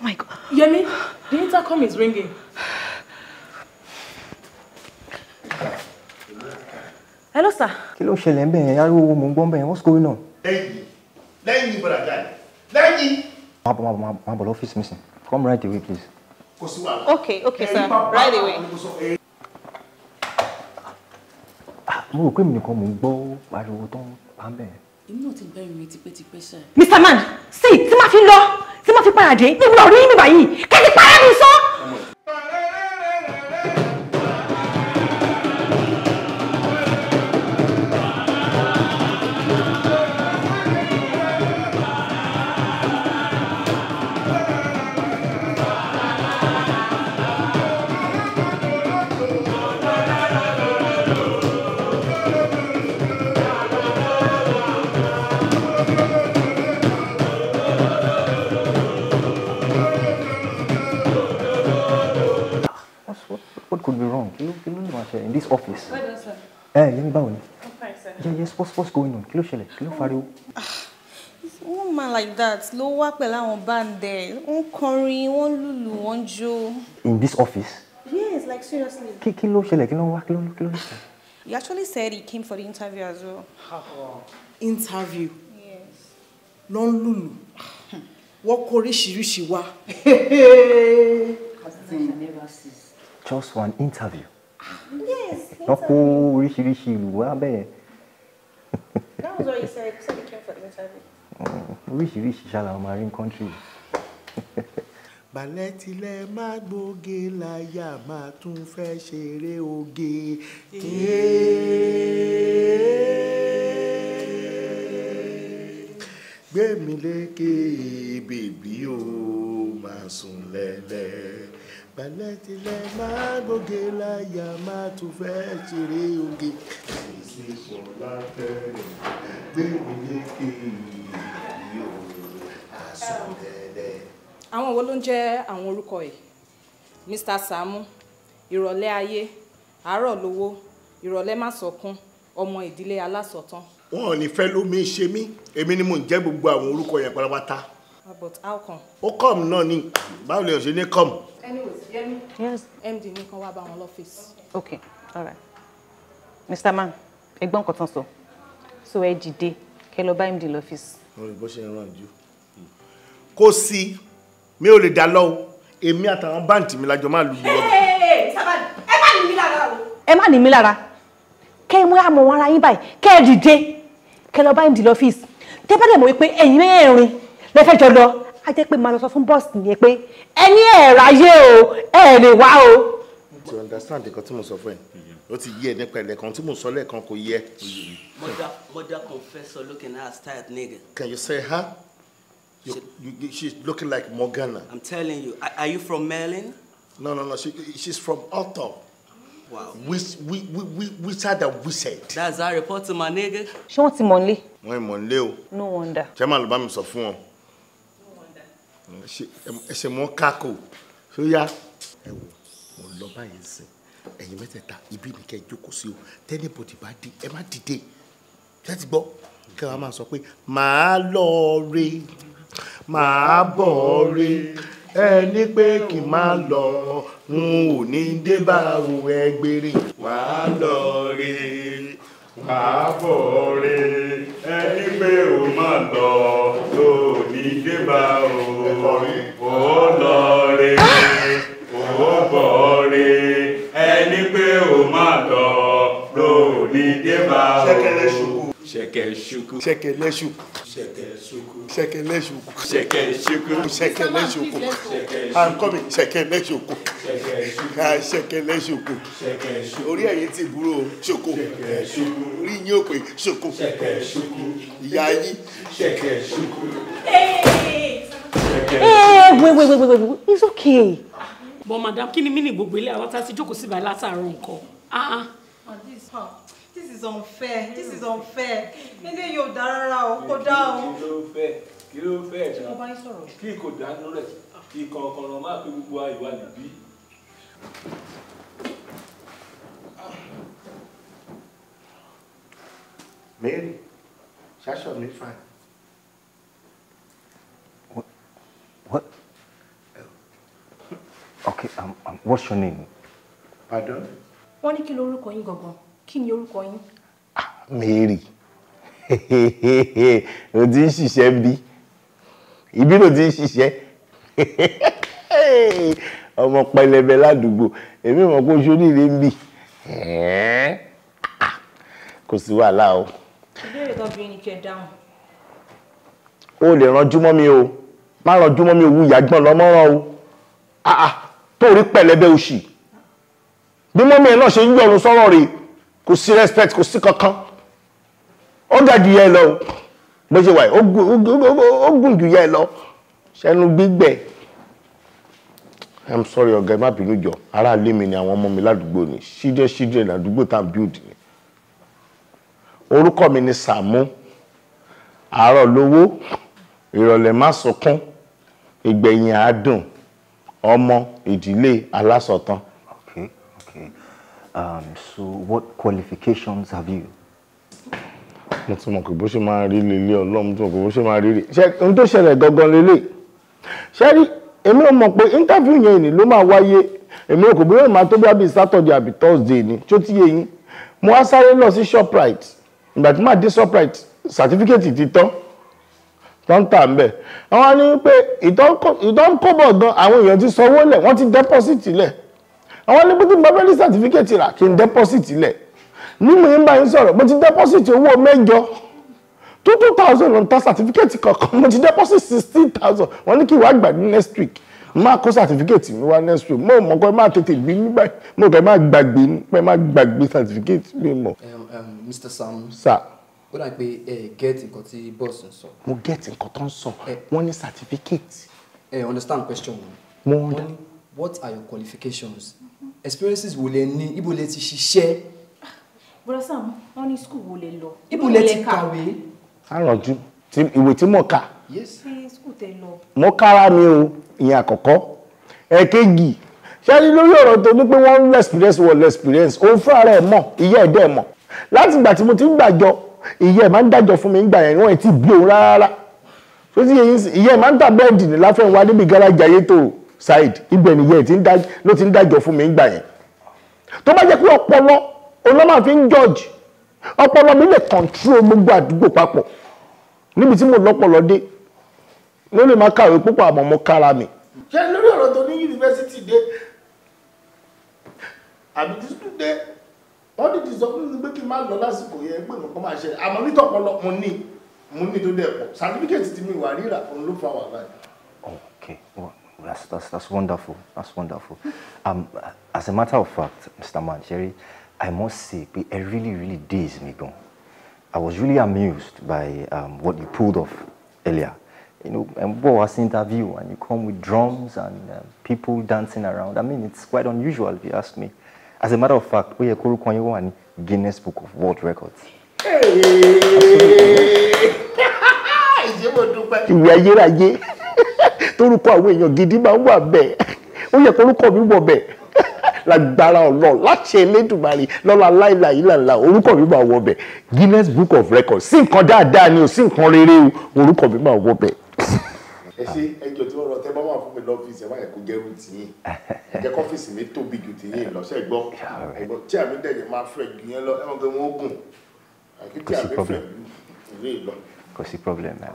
A: Oh my God. Yemi, the intercom is ringing hello sir.
B: kí ló ṣẹlẹ̀ ń bẹ̀ yẹn ariwo mò what's going on.
A: lẹ́yìn lẹ́yìn ìbúra jáde lẹ́yìn.
B: máa bọ̀ máa office, máa come right away please.
A: okay okay sir right away.
B: Ah, mo rò pé mi nìkan mò ń gbọ́ ariwo pa ń bẹ̀ yẹn.
A: èmi náà ti gbẹ́rin mi tipẹ́tipẹ́ sir. mr
B: man see tí máa fi lọ tí máa fi paradé níbi ọ̀rọ̀ yín mi báyìí kẹ́ni para mi sọ. be wrong kí ló kí ló lè máa ṣẹlẹ̀ in this office. ẹ yẹmi eh, báwo ni. yeah yes what's what's going on Kilo, ló kilo, kí ló fariwo.
C: Ah, like that ló wá pẹ̀lú àwọn báńdẹ̀ On kọrin On lulu. On jó.
B: in this office.
C: yes like seriously.
B: Kilo, kí ló ṣẹlẹ̀ kí ló wá kí
C: he actually said he came for the interview as well. Ah,
A: interview. yes. ló ń lùlù hmm. wọ́n kó oríṣiríṣi wá. never [laughs] cease
B: just for an interview. Yes. Wọ́n kó rishi rishi wá That
C: was what he said. He said he came for the interview.
B: Rishi ṣàlàyé ọmọ arí ń country.
A: Bàlẹ́ tilẹ̀ máa gbóge láyà máa tún fẹ́ ṣeré oge. Yeah. Yeah gbẹ̀mí lékè bèbí o máa sùn lẹ́lẹ́ balẹ̀ tilẹ̀ máa gbóge láyà máa tún fẹ́ ṣeré oge. èsì ìfọ̀lá fẹ́rẹ̀ gbẹ̀mí lékè bèbí o máa sùn lẹ́lẹ́. àwọn wo ló ń jẹ́ àwọn orúkọ yìí Mr. Samu, ìrọ̀lẹ́ ayé àárọ̀ lówó ìrọ̀lẹ́ má sọkún
B: ọmọ ìdílé alásọ̀tán
A: wọn ò ní fẹ́ lómi ṣe mí èmi ni mò ń jẹ́ gbogbo àwọn orúkọ yẹn pátápátá.
B: Ah, but how come.
A: ó kọ́m náà ni báwo lè ṣe ní kọ́m.
B: anyways yẹmi
A: yes. md ní kan wá bá wọn lọ́fíìsì. okay all right mr man ẹ gbọ́ nǹkan tán sọ so ẹ dìde kẹ lọ bá md lọ́fíìsì. wọn lè bó ṣe ń ràn jù. kò sí mi ò lè dá lọ́wọ́ èmi àtàwọn báǹtì mi lájọ máa lu ìlú ọdún. ẹ má ní mi lára o. ẹ má ní mi lára kẹ́ ẹ mú àmọ̀ wọn ara yín báyìí kẹ́ ẹ dìde kẹ́ lọ bá md lọ́fíìsì tẹ́ bá dẹ̀ mọ̀ wípé ẹ̀yin mẹ́rin lẹ́fẹ́ jọ lọ á jẹ́ pé máa lọ sọ fún bọ́ọ̀sì yẹn pé ẹni ẹ̀ ráyé o ẹ̀ wá o. to understand nǹkan tí mo sọ fún ẹ ó ti yé ẹ nípa ẹlẹ́kan tí mo sọ lẹ́ẹ̀kan kò yẹ. mother mother confessor looking at her style nigga. can you say her. You, you, she's looking like Morgana. I'm telling you. Are, you from Merlin? No, no, no. She, she's from Otto. Wow. we we, we, we, we said that we said. That's our report to my nigga. She wants ti mọ̀lé? Wọ́n mọ̀lé No wonder. Ṣé màá lọ bá mi sọ fún wọn? she ṣe mọ́ kákò. Ṣó yá? Ẹ wò, mo lọ báyìí sìn. Ẹ̀yin mẹ́tẹ̀ẹ̀ta, ibi ni kẹ́ ẹ jókòó sí o. Tẹ́lẹ̀bọ̀dì bá dé, ẹ má dìde. Ṣé ti gbọ́? Kẹ́ wa máa sọ pé, màá lọ re, màá bọ̀ ẹni pé kì í máa lọ n ò ní dé bá o ẹgbẹ́rẹ́. wà á lọ rí wà á bọ̀ rí ẹni pé o máa lọ tó o ní dé bá o ò lọ rí ò bọ̀ rí ẹni pé o máa lọ tó o ní dé bá o. ṣẹkẹlẹ ṣùkú. ṣẹkẹlẹ ṣùkú. ṣẹkẹlẹ ṣùkú. Shekele Shoko. Shekele Shoko. Shekele Shoko. I'm coming. Shekele Shoko. Shekele Shoko. Orí ẹ̀yin ti búrò Shoko. Orí yín ò pé Shoko. Ìyá yín. Hey,
B: eh, wait, wait, wait, wait, wait, it's okay.
A: But madam, kí ni mí ní gbogbo ilé àwọn tá a ti jókòó sí báyìí Ah ah. On this part this is
B: unfair mm. this is unfair ilé yóò dá rárá o kó dá o.
A: kí ló fẹ́ kí ló fẹ́ ẹ̀ tán kí kò dáná ma ìkọ̀ọ̀kọ̀rọ̀ máa fi gbogbo àìwá nìbí. Mary ṣaṣọ mi fine.
B: What? Okay, um, um, what's your name? Pardon?
C: Wọ́n ní kí lorúkọ yín gangan kí ni orúkọ yín.
A: Ah, Mary [laughs] o ti ń ṣiṣẹ́ bí ibi ló ti ń ṣiṣẹ́ [laughs] ọmọ pẹlẹbẹ ládùúgbò èmi mọ̀ pé oṣù nílé ń bì ah, kò sí wàhálà o.
C: ìbéèrè kan bí ni kẹ dáhùn.
A: o lè ranjú mọ́ mi o má ranjú mọ́ mi òwú ìyàgbọ́n lọ́mọ́ràn o ah, tó rí pẹlẹbẹ oṣì bí mọ́mí ẹ náà ṣe ń yọrùn sọ́rọ̀ rèé kò sí respect kò sí kankan ó dàjú yẹ lọ bó ṣe wà ó gùn jù yẹ lọ ṣẹnu gbígbẹ i'm sorry ọ̀gá ẹ má bínú jọ ará ilé mi ni àwọn ọmọ mi ládùúgbò ni ṣídẹ ṣídẹ ládùúgbò tá à ń build ni orúkọ mi ni Sàámú àárọ̀ lówó ìrọ̀lẹ́ má sunkún ìgbẹ̀yìn àádùn ọmọ ìdílé alásọ̀tàn Um, so what qualifications have you? mo tún mọ̀ pé bó ṣe máa rí lélẹ̀ ọlọ́run tún mọ̀ pé bó ṣe máa rí rè ṣe ohun tó ṣẹlẹ̀ gangan lélẹ̀ ṣe rí èmi ò mọ̀ pé interview yẹn ni ló máa wáyé èmi ò kò bóyá ìmọ̀ tó bí àbí Saturday àbí Thursday ni tí ó ti yé yín mo wá sáré lọ sí Shoprite ìgbà tí màá dé Shoprite certificate ti tán tán tà ń bẹ̀ àwọn ni pé ìtọ́nkọ́bọ̀ gan àwọn èèyàn ti sanwó lẹ̀ wọ́n ti deposit lẹ̀ àwọn ní pété bàbá ní certificate rà kí n deposit lẹ̀ ní mo ń bá yín sọ̀rọ̀ mo ti deposit owó mẹ́jọ tó two thousand on ta certificate kankan mo ti deposit sixteen thousand wọ́n ní kí wàá gbà ní next week máa kó certificate mi wá next week mo mọ̀ pé máa tètè bí mi mo kẹ́ máa gbàgbé pé máa gbàgbé certificate mi mọ̀.
B: Mr. Sam. sir ó dà pé ẹ get nǹkan tí boss ń sọ.
A: mo get nǹkan tó ń sọ wọ́n ní certificate.
B: ẹ understand question. mo understand. what are your qualifications
A: experiences wo lẹ ní ibo lẹ ti ṣiṣẹ́.
B: brọ́sà wọn ní skul wo lẹ lọ. ibo lẹ ti kawe.
A: àrànjú ìwé tí mo kà.
B: ṣé skul tẹ lọ.
A: mo kára mi o ìyẹn àkọ́kọ́ ẹ̀ẹ́kejì ṣáájú lórí ọ̀rọ̀ tó ní pé wọ́n ń experience wọ́n experience òun fúnra rẹ̀ mọ̀ ìyá ẹ̀ dẹ̀ mọ̀ láti ìgbà tí mo ti ń gbàjọ ìyá ẹ̀ máa ń dájọ́ fún mi ń gbà yẹn wọ́n ti bí òun rárá tó ti yẹ ìyá ẹ̀ máa ń tà bẹ́ẹ̀dì ní láfẹ̀wá níbi gáràjì ayé side ibẹ̀ nìyẹn ló ti ń dájọ́ fún mi ńgbà yẹn tó bá jẹ́ pé ọpọlọ olóma fi ń judge ọpọlọ mi lè control gbogbo àdúgbò papọ̀ níbi tí mo lọ́pọlọ dé ló lè má kàwé púpọ̀ àmọ́ mo kára mi. ṣé lórí ọ̀rọ̀ tó ní yunifásitì dé àbí dísítù dé wọ́n ti ti sọ fún mi pé kí n má lọ lásìkò yẹn pé nǹkan máa ṣẹlẹ̀ àmọ́ nítorí ọpọlọ mo ní mo ní tó dẹ̀ pọ̀ certificate ti mi wà rírà òun ló fa wàhálà.
B: ok That's, that's, that's wonderful. That's wonderful. Um, as a matter of fact, Mr. Mancheri, I must say, it really, really dazed me. I was really amused by um, what you pulled off earlier. You know, and what was interview, and you come with drums and uh, people dancing around. I mean, it's quite unusual if you ask me. As a matter of fact, we are going to Guinness Book of World Records. Hey! Absolutely.
A: [laughs] ìwé ayérayé [laughs] torúkọ àwọn èèyàn gidi máa ń wà bẹ́ẹ̀ ó yẹ korúkọ mi wọ̀ bẹ́ẹ̀ [laughs] lágbára ọ̀nà láti Elédùmarè lọ́la láìláì ìlànà orúkọ mi máa wọ̀ bẹ́ẹ̀ Guinness Book of Records sí nǹkan dáadáa ni ò sí nǹkan rere o orúkọ mi máa wọ̀ bẹ́ẹ̀. ẹ ṣe ẹjọ tí wọn rọ tẹ bá wà fún mi lọ́fíìsì ẹ má yẹ kó jẹrú tìyìn ẹ kọfíìsì mi tóbi ju tìyìn lọsẹ gbọ tí àmì dẹjẹ máa fẹ ju yẹn
B: kò sí problem náà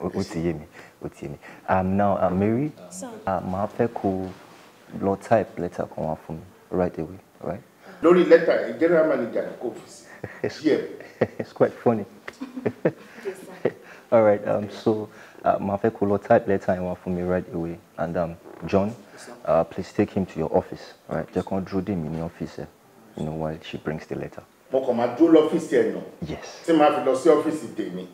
B: ó ti yé mi ó ti yé mi um, now uh, Mary uh, màá fẹ́ kó lọ type letter kan wá fún mi right away right.
A: lórí lẹ́tà ẹ̀ general manager kò fi
B: gm. [laughs] it's quite funny. [laughs] all right um, so uh, màá fẹ́ kó lọ type letter yẹn wá fún mi right away and um, John uh, please take him to your office right jẹ́ kán dúró dè mí ní ọ́fíìsì ẹ̀ while she brings the letter
A: mo kàn máa dúró lọ́fíìsì ẹ̀ nà tí màá fi lọ sí ọ́fíìsì tèmi.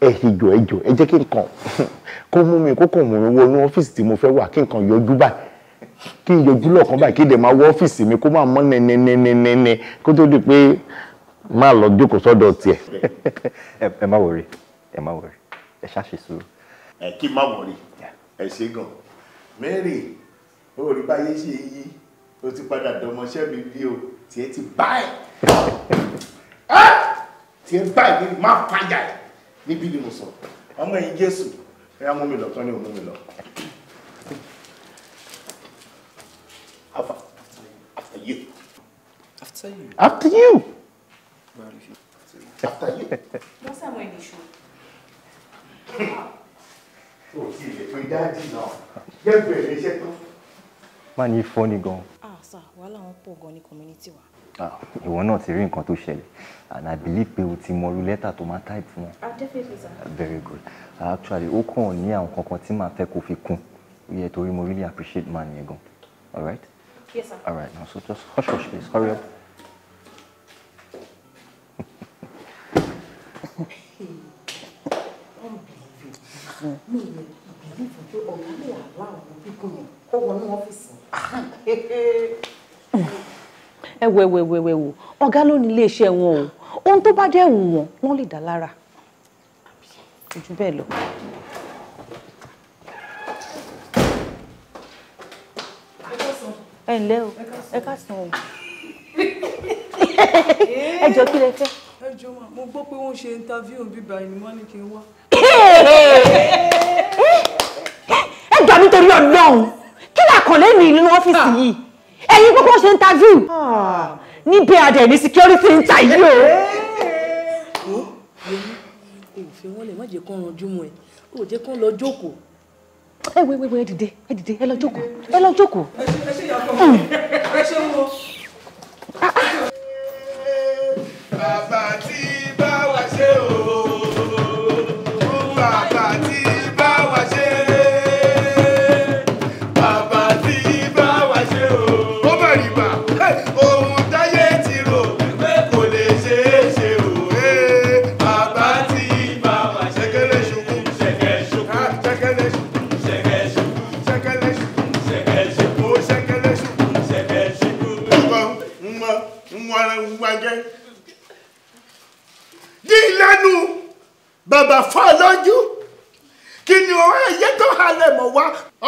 B: ẹ ìjọ ẹjọ ẹ jẹ́ kí n kàn
A: [laughs] kó mú mi kó kàn mú mi wọnú ọ́fíìsì tí mo fẹ́ wà kí n kàn yọjú báyìí kí n yọjú lọ́ọ̀kan báyìí kí n dẹ̀ máa wọ ọ́fíìsì mi kó máa mọ́ nẹ́nẹ́nẹ́nẹ́nẹ́ kó tó di pé máa lọ
B: jókòó sọ́dọ̀ tiẹ̀. ẹ má wọrí ẹ má wọrí ẹ ṣáṣe sùúrù.
A: ẹ kí má wọrí ẹ ṣe gan Mary o rí báyé ṣe yí o ti padà dọmọṣẹ́ mi bí o tiẹ̀ ti báyìí. [laughs] tí ẹ bá ìdí má fàyà ẹ níbi ni mo sọ ọmọ ẹ̀yìn jésù ẹ mú mi lọ tán ní òmú mi lọ. After, after you. After you. After you. After you. Wọ́n sàmọ̀ O ti lè pe dáàdì náà. Yẹ́n bẹ̀rẹ̀ iṣẹ́ gan. Ah sir, wàhálà wọn pọ̀ gan ní community
B: wa. Ah, ìwọ náà ti rí nǹkan tó ṣẹlẹ̀ and I believe pé o ti mọ irú lẹ́tà tó máa type fún wọn. Ah,
C: definitely sir. very
B: good actually ó kàn ní àwọn kankan tí màá fẹ́ kó fi kún yẹ torí mo really appreciate man yẹn gan all right. yes sir. all right now so just hush hush please hurry up.
A: mi ò believe pé ọ̀gá lè àlọ́ àwọn pípọ̀ yẹn kó wọnú ọ́fíìsì ẹ wẹ wẹ wẹ wọn o ohun tó bá dẹ̀ wù wọ́n wọ́n lè dá lára ojú bẹ́ẹ̀ lọ.
C: ẹ ǹlẹ́ o ẹ ká sàn o ẹ jọ kí lẹ fẹ́. ẹ jọ ma mo gbọ́ pé wọ́n ṣe interview bíbá ẹni wọ́n ní kí n wá.
B: ẹ gbà nítorí ọlọ́run kí làkànlẹ́ mi nínú ọ́fíìsì yìí ẹ̀yin gbogbo ṣe interview ah. níbẹ̀ adẹ̀ ní security ń ta yìí o.
A: Eh. òfin wọn lè má jẹ́ kán ranjú mọ́ ẹ kó jẹ́ kán lọ jókòó. ẹ eh, wẹ́wẹ́ ẹ dìde ẹ dìde ẹ lọ jókòó ẹ lọ jókòó. ẹ ṣe ìyàtọ̀ ẹ ṣe hmm. wo.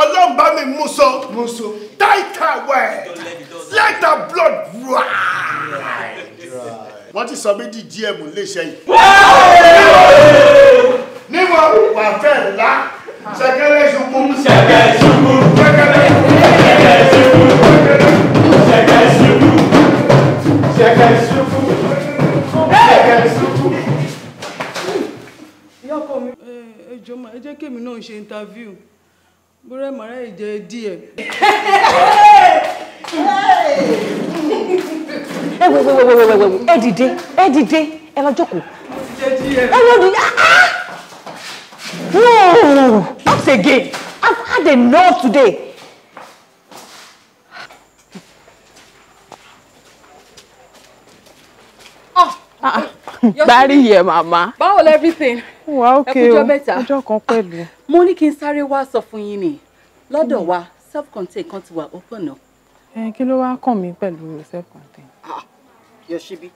A: ọlọ́run bá mi mú so. mú so. tight well. let the blood ride. wọ́n ti sọ mí di gm léṣe yìí. mare mare ije die. ẹ wo wo wo wo wo wo ẹ dìde ẹ dìde ẹ lọ jókòó ẹ lọ dìde ah no not again I've had enough today. Gbárí yẹ màmá. Báwo lẹ́fíìsì? Wà ókè o, ọjọ́ kan pẹ̀lú. Mo ní kí n sáré wá sọ fún yín ni lọ́dọ̀ wa self contained kan ti wà open náà. ẹ kí ló wá kàn mí pẹ̀lú self contained. Ah, ah, yọ síbí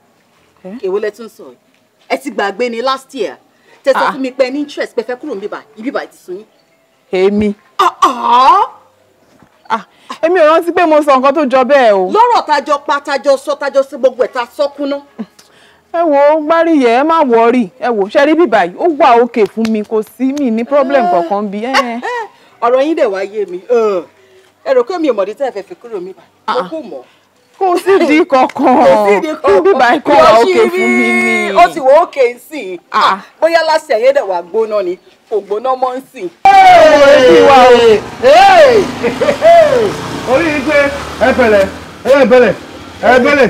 A: èwo lẹ tún sọ ẹ ti gbàgbé ni last year tẹsán ah. fún mi pé ní interest pé fẹ́ kúrò níbà ibíbà ti sun yín. èmi. èmi ò rántí pé mo sọ nǹkan tó jọ bẹ́ẹ̀ o. lọ́rọ̀ tájọ pa tájọ sọ tájọ sí gbogbo ẹ̀ ta a sọ kúná ẹ wo gbárí yẹ ẹ má wọrí ẹ wo ṣe rí bíbá yìí ó wà òkè fún mi kò sí mi ní problem eh, kankan bí ẹ eh, eh ọ̀rọ̀ yín dẹ̀ wá yé mi ẹ rò pé mi ò mọ̀dí tẹ́ ẹ fẹ́ fi kúrò mi bá mo ah. kò mọ̀ O sí di [laughs] kankan kí bíbá ikọ̀ wa òkè fún mi ni. ó ti wọ òkè sí i ah. ah, bóyá láti ẹ̀yẹ́ dẹ̀ wá gbóná ni kò gbóná mọ́ ń sìn. orí yìí pé ẹ bẹ̀rẹ̀ ẹ bẹ̀rẹ̀ ẹ bẹ̀rẹ̀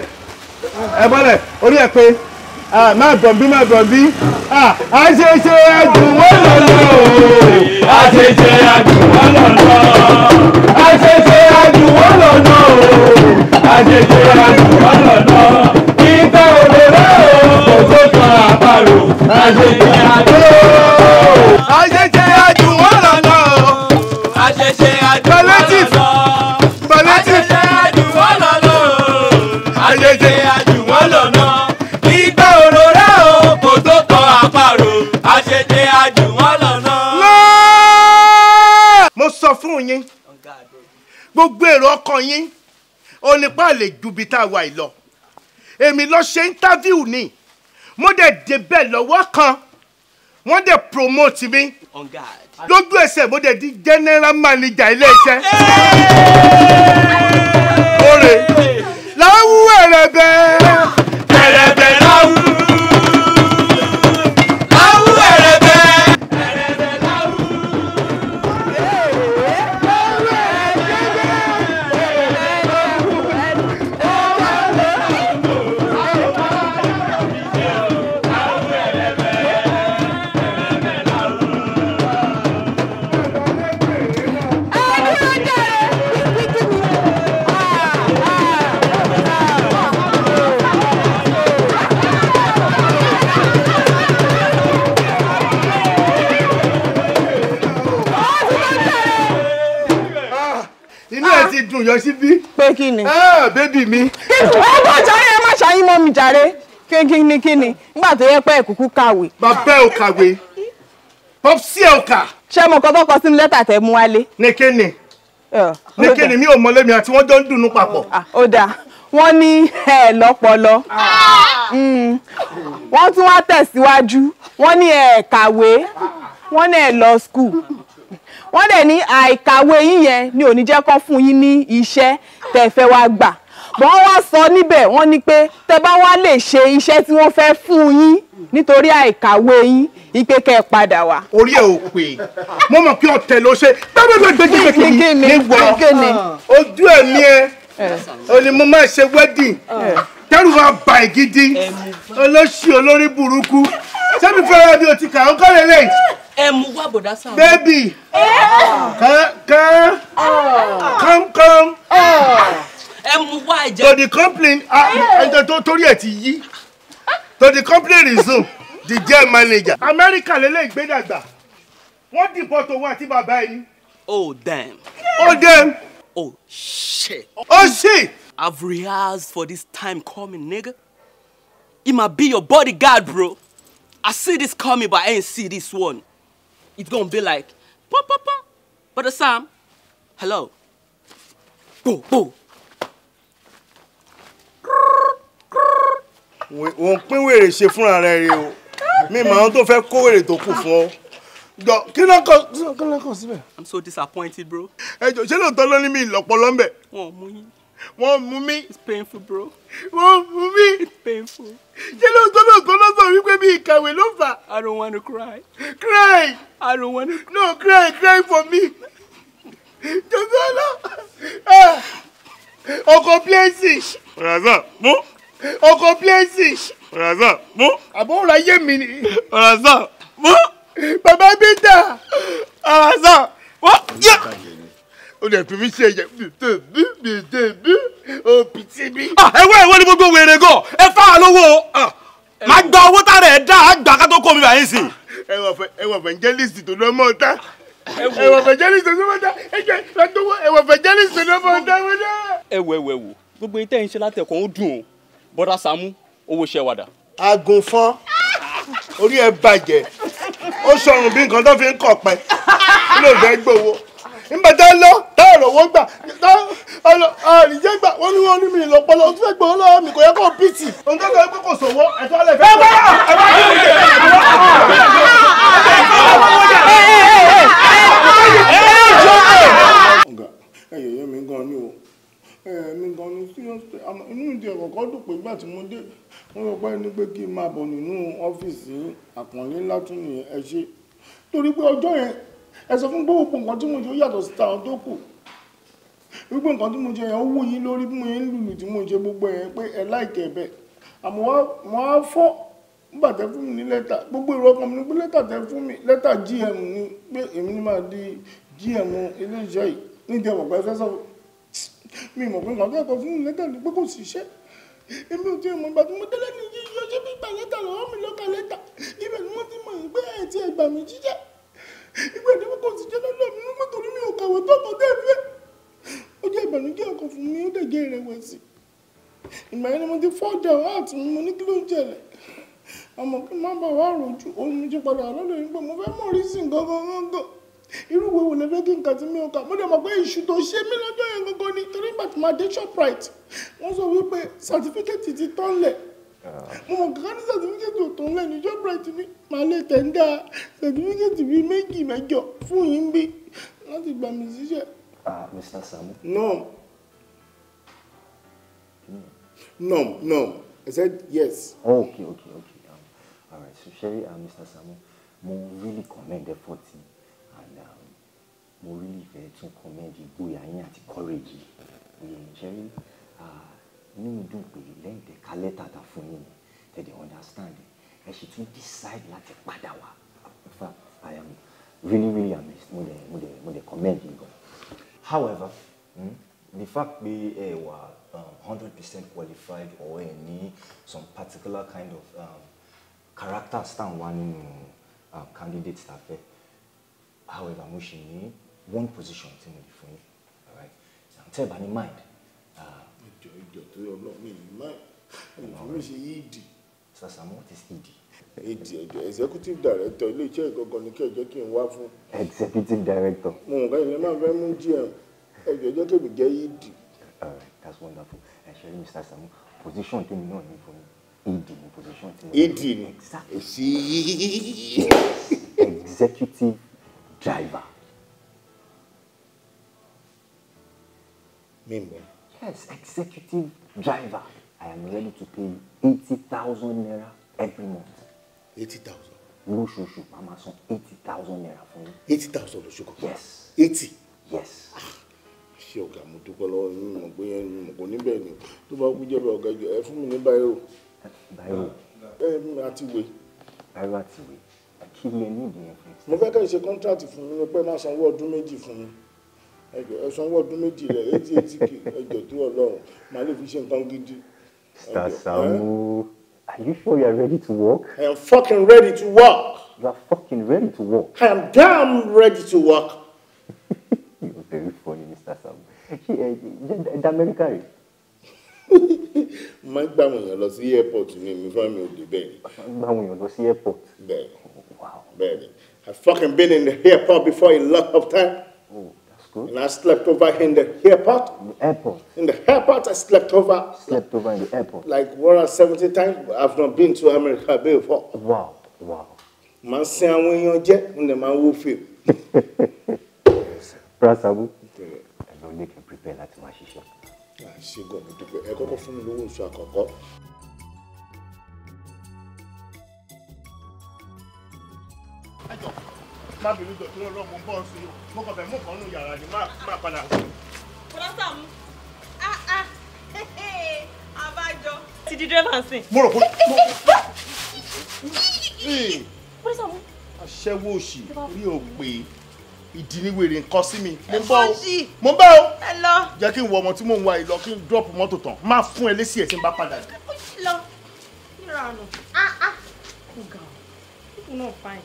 A: ẹ bẹ̀rẹ̀ orí ẹ pé. Ah, Ah, I I I say, say, má bọ̀ bí má bọ̀ bí ah, àṣeṣe ẹ̀dùn wọ́n lọ́lọ́
C: àṣeṣe ẹ̀dùn wọ́n lọ́lọ́ àṣeṣe ẹ̀dùn wọ́n lọ́lọ́ àṣeṣe ẹ̀dùn wọ́n lọ́lọ́ ìgbà òdòdó kò tó kan àbárò àṣeṣe ẹ̀dùn.
A: gbogbo èrò ọkàn yín ó nípa lè ju ibi tá a wà yìí lọ èmi lọ ṣe íńtáfíù ni mo dẹ̀ débẹ̀ lọ́wọ́ kan wọ́n dẹ̀ promote mi lójú ẹsẹ̀ mo dẹ̀ di general manager iléeṣẹ́ oore làwọn wú ẹ̀rẹ̀ bẹ́ẹ̀. ń yọ sí bí. pé kí ni. ẹ bébì mi. ọgbọ́n jàre ẹ má ṣàyìn mọ́ mi jàre kí ni kí ni nígbà tó yẹ pé ẹ kúkú kàwé. bàbá ẹ ò kàwé pọpsi ẹ ò kà. ṣé mo kọ́ tó kọ sínú lẹ́tà tẹ mú wálé. ní kí ni ní kí ni mi ò mọ̀lẹ́mi àti wọ́n jọ ń dùnnú papọ̀. ó dáa wọ́n ní ẹ lọ́pọlọ hmm. wọ́n tún wá tẹ̀síwájú wọ́n ní ẹ kàwé wọ́n ní ẹ lọ skul wọ́n dẹ̀ ní àìkàwé yín yẹn ni ò ní jẹ́ kán fún yín ní iṣẹ́ tẹ́ fẹ́ wá gbà wọ́n wá sọ níbẹ̀ wọ́n ní pé tẹ́ bá wá lè ṣe iṣẹ́ tí wọ́n fẹ́ fún yín nítorí àìkàwé yín ipe kẹ́ ẹ padà wá. orí ẹ ò pè mo mọ̀ pé ọ̀tẹ̀ ló ṣe gbẹgbẹgbẹgbẹgbẹ ní wọ ojú ẹ̀mí ẹ olè mo máa ṣe wedding tẹ́rù wa bà ẹ́ gidi olóṣì olórí burúkú sẹ́mi fẹ́ràn bí o ti kà ń kọ́ lélẹ́yìn ẹ mú wá bọ̀dá sáà. bébì kankan kankan ẹ mú wá ẹ̀jẹ̀. to the complaint ah, torí ẹ ti yí to the complaint resume the jail manager. amẹ́ríkà lélẹ́ ìgbédàgbà wọ́n dìbò tòun àti bàbá ẹni. oh damn. oh damn. oh shit. oh shit. I've rehearsed for this time coming, nigga. It might be your bodyguard, bro. I see this coming, but I ain't see this one it's gonna be like, pop, pop, pop. But the uh, Sam, hello, boo, boo. òun pín wèrè ṣe fúnra rẹ rè o mi màá tó fẹ́ kó wèrè tó kù fún ọ jọ kí ló kọ kí ló kọ síbẹ̀. i'm so disappointed bro. ẹ jọ ṣé lóòótọ́ ló ní mi ìlọ́pọ̀ lọ́nbẹ̀. wọn ò mú wọ́n mú mi. it's painful bro. wọ́n mú mi. it's painful. ṣé lóòótọ́ lóòótọ́ ló sọ wípé mi ìkàwé ló fà. I don't want to cry. cry. I don't want to. no cry cry for me. jọ̀sọ́lá ah. ọkọ̀ plẹ́sì. raza mú. ọkọ̀ plẹ́sì. raza mú. àbọ̀ ọ̀rọ̀ ayé mi ni. raza mú. bàbá bí dà. raza o lè fi mi ṣe ẹ̀yẹ tèmi mi tèmi òbí tí mi. ẹwọ́ ẹ̀wọ́ ni gbogbo wèrè gan ẹ fà á lówó ah, má gba owó tá rẹ̀ dá àgbà ká tó kó mi báyìí sí. ẹwọ evangelist tó lọ mọ ọta ẹwọ evangelist tó lọ mọ ọta ẹjẹ lọtọwọ ẹwọ evangelist tó lọ mọ ọta wọlé. ẹwọ ẹwọ ẹwọ gbogbo yín tẹ́ ń ṣe látẹ̀kọ́ ó dùn ó bọ́dá Sàámú owó ṣẹ́ wàdà. àgùnfọ́n orí ẹ bàjẹ́ ó sọrùn bí nǹkan tó fi ń kọ̀ pẹ́ ló fẹ́ gbowó nígbà tá a lọ tá a rọwọ́ gbà àrìjẹ́ gbà wọ́n ní wọ́n ní mi lọ́pọ̀lọ́ tó fẹ́ gbọ́ lọ́wọ́ mi kò yẹ kó pìtì. ohun tó kọ́ ẹ pé kò sọ̀wọ́ ẹ̀tọ́ alẹ́ fẹ́. ẹ bá ẹ bá yóò dé ẹ bá ọ̀gá ẹ̀yẹ̀yẹ̀ mi gan ni o mi gan ni seriously inú ìdí ẹ̀kọ́ kọ́ dùn pé nígbà tí mo dé wọ́n rọ pé ẹni pé kí n máa bọ̀ nínú ọ́fíìsì àpọ̀nlé ńlá tún nìyẹn ẹ ṣe torí pé ọjọ́ yẹn ẹ sọ fún gbogbo nǹkan tí mo jẹ ó yàtọ̀ sí tàwọn tó kù gbogbo nǹkan tí mo jẹ yẹn ó wú yín lórí bí mo yẹn ń lùlù tí mo jẹ gbogbo yẹn pé ẹ láìkẹ́ bẹ́ẹ̀ àmọ́ wọ́n á fọ́ nígbà tẹ́ fún mi ní lẹ́tà gbogbo ìrọ̀ ọkàn mi ní pé lẹ́tà tẹ́ fún mi lẹ́tà gm ni pé èmi ni máa di gm ilé iṣẹ́ yìí ní ìdí ọ̀pọ̀ ẹ̀fẹ́ sọ mi mọ̀ pé nǹkan tó ẹ̀kọ́ fún mi lẹ́tà ni pé kò sí iṣẹ́ èmi ò tí ì mọ ìgbà tí mo délé ní yíyọ ṣé gbígbà lẹ́tà lọ́wọ́ mi lọ́ka lẹ́tà ibẹ̀ ni mo ti mọ̀ ìgbé ẹ̀ tí ẹ̀ gbà jíjẹ́ ìgbà ìdẹ́wọ́ kan sì jẹ́ lọ́lọ́ mi nígbà tó ní mi ò kàwé tó kọ́ dẹ́gbẹ́ ó jẹ́ ìbànújẹ́ ọkàn fún mi ó dẹ̀ jẹ́ ìrẹ̀wẹ̀sì ìgbà yẹn ni mo ti fọ́jà wá àti mi mo ní kí ló ń jẹlẹ̀ àmọ́ kí n má bà wá rojú òun mi ti padà lọ́dọ̀ yìí pé mo fẹ́ mọ̀ rí sí gangan gangan irú wo wo lè fẹ́ kí n kà tí mi ò kà mo dẹ̀ mọ̀ pé ìṣù tó ṣe mí lọ́jọ́ yẹn gangan ni torí ìgbà tí máa dé shoprite wọ́n sọ wípé sàtífíkẹ́tì ti tán lẹ̀ mo mọ̀ kankan ní sàtífíkẹ́tì òtún ńlẹ̀ ní Shoprite ní màá lè tẹ̀ńdà sàtífíkẹ́tì bíi méjì mẹ́jọ fún yín bí láti gbà mí síṣẹ́.
B: ah Mr. Saamu. no
A: hmm. no no I said yes.
B: Oh, okay okay okay um, all right so sherry uh, Mr. Saamu mo really commend the yìí and um, mo really fẹ́ tún commend ìgboyà yín àti courage yìí sherry. Uh, inú mi dùn pé lẹ́yìn tẹ ká lẹ́tà ta fún yín ni tẹ̀lé understand ẹ ṣì tún decide láti padà wá in fact i am really really amazed mo dẹ̀ mo dẹ̀ mo dẹ̀ commend you gan. however hmm, the fact pé ẹ wà um, hundred percent qualified or ẹ ní some particular kind of um, characters tá à ń wá nínú um, candidate tá fẹ́ however mo ṣì ní one position tí mo lè fún yín all right tẹ́ ẹ bá ní mind ìjọ tó yọ náà mi máa olùfẹ́ mi ṣe yíìdì. sasamo ti ṣe ìdì.
A: ìdì ẹjọ executive director ilé iṣẹ́ ìgangan ni kí ẹjọ́ kí n wá fún.
B: executive director.
A: mo n kẹ́yìn máa fẹ́ mú gm ẹjọ ẹjọ́ kí mi jẹ́ yíìdì. all that's wonderful
B: ẹ ṣe mr Sàámú position tèmi náà ní fún mi ed ní position tèmi. ed ní èsì. executive driver. mímọ́. Yes, executive driver. I am ready to pay you 80,000 naira every month. 80,000? Lóṣooṣù, màmá san 80,000 naira for you.
A: 80,000 lóṣù kan? Yes. 80? Yes. Ah, ṣé ọ̀gá mo dúpẹ́ lọ́wọ́ yín mọ̀ pé mọ̀ kò níbẹ̀ ni tó bá kú jẹ́bẹ̀ ọ̀gá ẹ fún mi ní báyìí báyìí ẹ àti ìwé.
B: báyìí àti ìwé kí lè ní ìdíyẹn fún mi. mo
A: fẹ́ kẹ́ ṣe kọ́ńtrátì fún mi ni pé má sanwó ọdún méjì fún mi ẹjọ ẹ sanwó ọdún méjì rẹ eighty eighty k ẹjọ tó Ọlọ́run màá lè fi ṣe nǹkan gidi.
B: Sasamu, are you sure you are ready to work?
A: I am fucking ready to work. You
B: are fucking ready to work.
A: I am damn ready to work.
B: [laughs] are very funny, Mr. Samu. Ṣé ẹ ẹ d'Amẹ́ríkà rẹ̀?
A: Máa gbà àwọn èèyàn lọ sí airport ni mi fún mi ò dé bẹ́ẹ̀.
B: Gbà àwọn èèyàn lọ sí airport.
A: Bẹ́ẹ̀ni. Wow. Bẹ́ẹ̀ni. I fucking been in the airport before a lot of time school. And I slept over in the airport. The airport. In the airport, I slept over.
B: Slept over in the airport.
A: Like one or seventy times. I've not been to America before. Wow, wow. Màá sin àwọn èèyàn jẹ́, n lè máa wo fèm. Prasabu, ẹ lọ ní kí n prepare láti máa ṣiṣẹ́. Ṣé gbọ́dọ̀ dúpẹ́ ẹ kọ́kọ́ fún mi lówó oṣù àkọ́kọ́. Thank you má bínú jọ torí ọlọ́mọ ń bọ̀ sí i mo kàn fẹ́ mú kan nù yàrá ni má padà. pọlọ́sà mu àbájọ. ti di dírẹ́bà ń sìn. mo rò pé. pọlọ́sà mu. aṣẹ́wó òṣì rí o pé ìdíníwèrè nǹkan sí mi. mo ń o mo ń
C: o.
A: jẹ́ kí n wọ ọmọ tí mò ń wa ìlọ kí n dọ́ọ̀pù mọ́tò tán máa fún ẹ lésì ẹ̀ tí n bá padà
B: ó ti lọ ìranù. ah ah. kò ga ọ́ kíkùn náà fà ń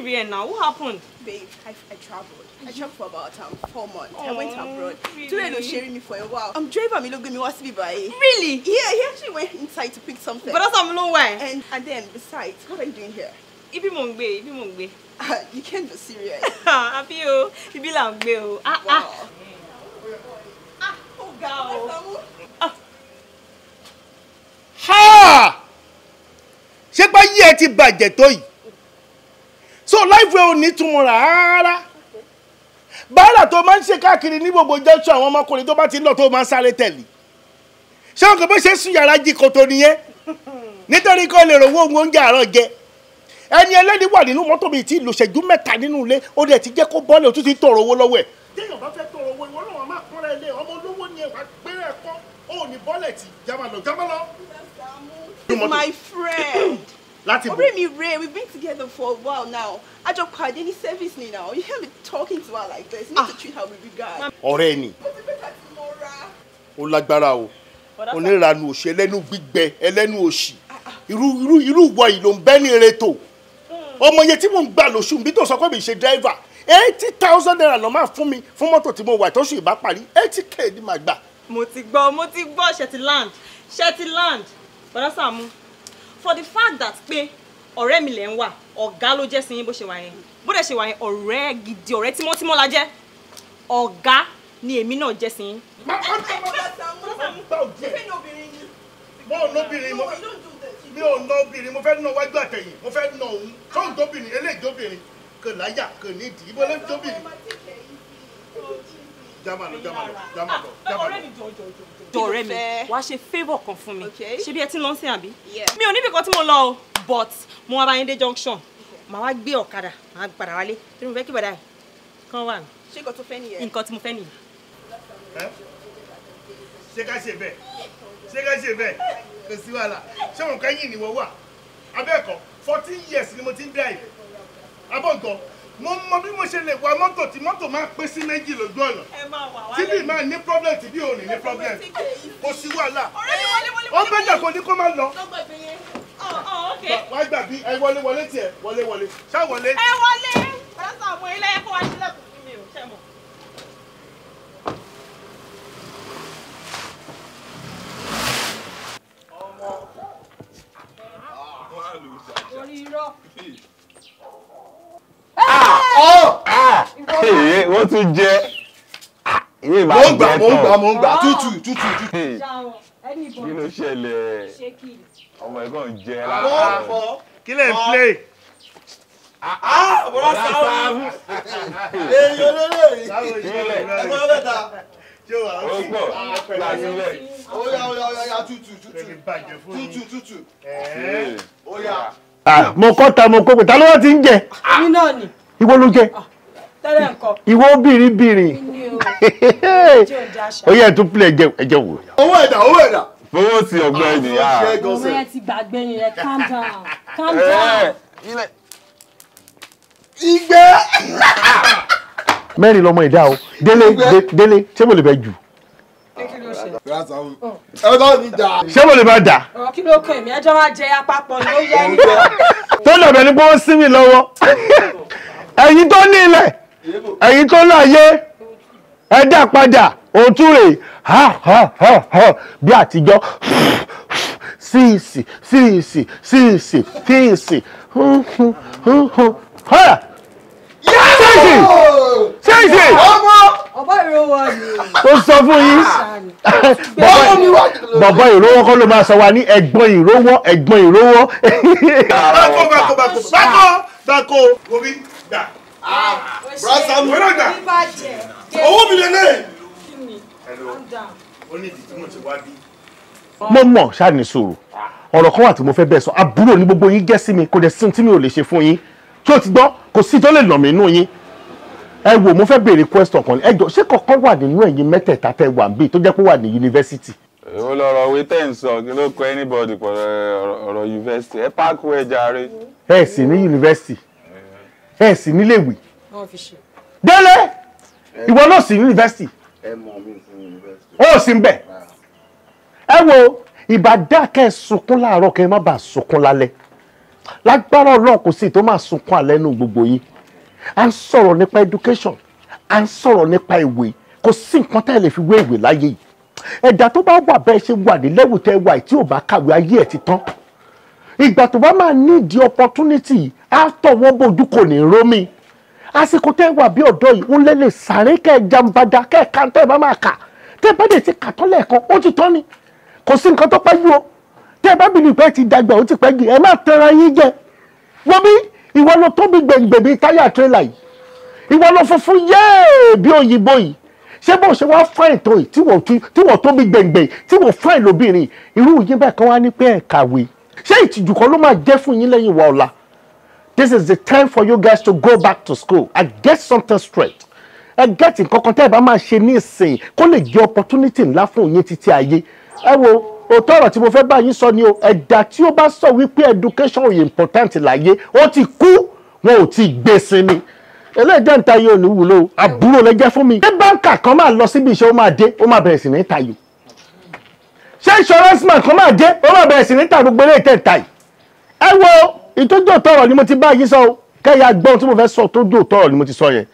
A: rí ẹ náà what happened. babe i i traveled. i traveled for about um, four months oh, i went abroad túrẹ̀ ló ṣe rí for a while um, driver mi ló gbé mi wá síbí báyìí. really yeah he actually went inside to pick something. bọ́dọ̀ sàmú ló wà. and and then besides what are you doing here. ibi mò ń gbé ibi mò you can't be serious. Happy, o ibi Langbe, ń Ah, o ga o. ṣé pé yí ẹ ti bàjẹ́ tó yìí so life ò ní túmọ̀ rárá bàárà tó máa ń ṣe káàkiri ní gbogbo junction àwọn ọmọkùnrin tó bá ti ń lọ tó máa ń sáré tẹ̀lé ṣé wọn kò bó ṣe sùn yàrá jí kòtò nìyẹn nítorí kó lè rówó ohun oúnjẹ àárọ̀ jẹ ẹni ẹlẹ́ni wà nínú mọ́tò mi ti lòṣẹ́jú mẹ́ta nínú ilé ó dẹ̀ ti jẹ́ kó bọ́ọ̀lù òtún ti tọrọ owó lọ́wọ́ ẹ̀. téèyàn bá fẹ́ tọrọ bọ́lẹ̀tì jábàlọ jábàlọ. my friend [coughs] láti bò. Ray we been together for a while now a jọ pàdé ní service ni now you hear me talking to her like this you need to ah. treat her with regard. ọ̀rẹ́ ni ó lágbára o oníranu òṣì ẹlẹ́nu gbígbẹ ẹlẹ́nu òṣì ah, ah. irú irú irú ìwọ yìí ló ń bẹ́ ní erétò hmm. ọmọ yẹn tí mò ń gbà lóṣù bí tó sọ pé mi ṣe driver eighty thousand naira ló máa fún mi fún mọ́tò tí mo wà tó sì bá parí eighty k ni màá gbà mo ti gbọ́ mo ti gbọ́ Shetland Shetland bọ̀dá Sàámú for the fact that pé ọ̀rẹ́ mi lẹ̀ ń wà ọ̀gá ló jẹ́ sí yín bó ṣe wà yẹn bó dẹ̀ ṣe wà yẹn ọ̀rẹ́ gidi ọ̀rẹ́ tímọ́tímọ́ la jẹ́ ọ̀gá ni èmi náà jẹ́ sí yín. mo lóbìnrin mo mi ò ná mo fẹ́ ná wájú àtẹ̀yìn mo fẹ́ ná òun sóhun tóbìnrin eléyìí tóbìnrin kò láyà kò nídìí ibo ló tóbìnrin jámà lọ jámà lọ jámà lọ jámà ah, lọ. dọ̀rẹ́ mi wàá ṣe favour kan fún mi ṣé bí ẹ ti lọ sí àbí. mi ò níbi kan tí mo lọ o but mo wá bá dé junction màá wá gbé ọ̀kadà màá padà wálé torí mo fẹ́ kí bàdá yìí kán wà mí. ṣé nǹkan tó fẹ́ nìyẹn. nǹkan tí mo fẹ́ nìyẹn. ṣé ká ṣe bẹ́ẹ̀ ṣé ká ṣe bẹ́ẹ̀ kò sí wàhálà ṣé mo kẹ́yìn ìwọ wà abẹ́ẹ̀kọ́ fourteen years ni mo ti ń dá yìí abọ́ mo mọ bí mo ṣe lè wa mọ́tò tí mọ́tò máa pín sí méjì lójú ọ̀nà tíbí máa ní problem tíbí ò ní ní problem kò sí wàhálà ó bẹ́jà kò ní kó má lọ wá gbà bí ẹ wọlé wọlé tiẹ̀ wọlé wọlé ṣá wọlé. ẹ wọlé pẹ̀lú àwọn ilé ẹ kó wá sílẹ̀ kù fún mi ò ṣe mọ̀.
C: ọmọ àwọn àlùjá. orí irọ́. Ah, oh, ah.
A: wọ́n tún jẹ́ ah, mo ń gbà mo ń gbà mo oh. ń gbà tútù tútù tútù.
C: kí ló ṣẹlẹ̀
A: ọmọ ẹ̀gbọ́n jẹ́ lára. kí lè ń play. Ah, bọ́lá sáwù. Èyí olólórí. Ẹ̀fọ́ mẹ́ta. o wà ó sì? Ó pọ̀ lásìlẹ̀. tútù tútù. Tútù tútù. Ó yá. Ah, mo kọ́ ta mo kó pé ta ló wọ́n ti ń jẹ.
C: Ah. èmi náà ni.
A: ìwọ ló jẹ. Ah, tẹ́lẹ̀ nǹkan. ìwọ bìnrin bìnrin. [laughs] ó yẹ tún pilẹ̀ ẹ̀jẹ̀ ẹ̀jẹ̀ wò. owó ẹ̀dá owó ẹ̀dá.
B: fowó sí ọgbẹ́ ẹ̀yìn yá. ọmọ yẹn
A: ti gbàgbé yẹn calm down calm down. ìgbẹ́. Eh, mẹ́rin lọmọ ìdá o délé délé ṣé mo lè bẹ jù. Oh. ṣé mo lè máa dà. kí ló kàn mí ẹjọ́ máa jẹ apapọ̀ ló yẹ ní. tó dàbẹ̀ ni pé ó sí mi lọ́wọ́ ẹ̀yin tó ní ilẹ̀ ẹ̀yin tó láàyè ẹ dá padà òtún rè ha ha ha ha bí àtijọ́ síìsì síìsì síìsì síìsì síìsì síìsì
C: bàbá ìrówó ni. ó sọ fún
A: yín bàbá ìrówó kọ́ ló máa sọ wa ní ẹ̀gbọ́n ìrówó ẹ̀gbọ́n ìrówó. báko báko báko báko báko omi gbà brasa mu wẹ́rẹ́ gbà
C: owó mi lélẹ̀.
A: mo mọ̀ ṣáà ní sùúrù ọ̀rọ̀ kan wà tí mo fẹ́ bẹ́ẹ̀ sọ àbúrò ní gbogbo yín jẹ́ sí mi kò dẹ̀ sí ohun tí mi ò lè ṣe fún yín tí ó ti gbọ́ kò sí tó lè nà mí nú yín ẹ wò mo fẹ́ béèrè question kan ẹ jọ ṣé kankan wà nínú ẹ̀yin mẹ́tẹ̀ẹ̀ta tẹ wà ń bì tó jẹ́ pé wà ní yunifásitì. èwo lọ̀rọ̀ òwe tẹ́ ń sọ kí ló kọ anybody pọ̀ ọ̀rọ̀ yunifásitì ẹ páàkì wẹ̀ jàre. ẹ sì ní yunifásitì ẹ sì níléèwé. délé ìwọ náà sì ní yunifásitì. ẹ mọ mi sí yunifásitì. ó sì ń bẹ̀. ẹ wo ìbàdàn kẹ́ ẹ sunkún láàárọ̀ kẹ́ ẹ má bàa sunkún lálẹ́ lágbára Ọlọ́run kò sí tó máa sunkún alẹ́ nù gbogbo yìí à ń sọ̀rọ̀ nípa education à ń sọ̀rọ̀ nípa ìwé kò sí nǹkan tá ẹ lè fi wé ìwé láyé yìí ẹ̀dá tó bá wà bẹ́ẹ̀ ṣe wà ní lẹ́wù tẹ́ wà tí ò bá kàwé ayé ẹ̀ ti tán ìgbà tó bá máa ní di opportunity á tọ̀ wọ́n bójú kò ní rómi àsìkò tẹ́ wà bí ọ̀dọ́ yìí ó lé lè sáré kẹ́ ẹ jàǹbàdà kẹ́ ẹ ká tẹ́ ẹ bá máa kà tẹ́ ẹ bá dẹ̀ ti kà tán lẹ́ẹ̀kan ó ti tán ni kò sí nǹkan tó pẹ́ yú o tẹ́ bá bìlì pẹ́ ti dàgbà ó ti pẹ́ jù ẹ má tẹra yín jẹ wọ́n bí ìwọ ló tóbi gbẹ̀ngbẹ̀ bíi táyà tírélà yìí ìwọ ló funfun yéè bí òyìnbó yìí ṣé bó ṣe wá fáìn tó yìí tí wọ́n tóbi gbẹ̀ngbẹ̀ tí wọ́n fáìn lóbìnrin irú yín bẹ́ẹ̀ kan wá ní pé ẹ̀ kàwé ṣé ìtìjú kan ló máa jẹ́ fún yín lẹ́yìn wa ọ̀la this is the time for you guys to go back to school and get something straight ẹ gẹ́tì kankan tẹ́ ẹ bá máa ṣe ní ìsìn kó lè jẹ́ opportunity ńlá fún yín títí ayé ẹ wo òótọ́ ọ̀rọ̀ tí mo fẹ́ bá yín sọ ni o ẹ̀dà tí ó bá sọ wípé education is important láyé ó ti kú wọn ò ti gbé sinmi eléyìí jẹ́ ìtayé olùwúlò àbúrò lẹ́jẹ́ fún mi. ṣé báńkà kan máa lọ síbi iṣẹ́ ó máa dé ó máa bẹ̀rẹ̀ sí ní tayò ṣé insurance man kan máa dé ó máa bẹ̀rẹ̀ sí ní tàbí gbélé ìtẹ̀ ìtayò ẹ wo ìtọ́jú ọ̀tọ̀rọ̀ ni mo ti bá yín sọ o kẹ́yà gbọ́n tí mo fẹ́ sọ tó dùn ọ̀tọ̀rọ̀ ni mo ti sọ yẹn.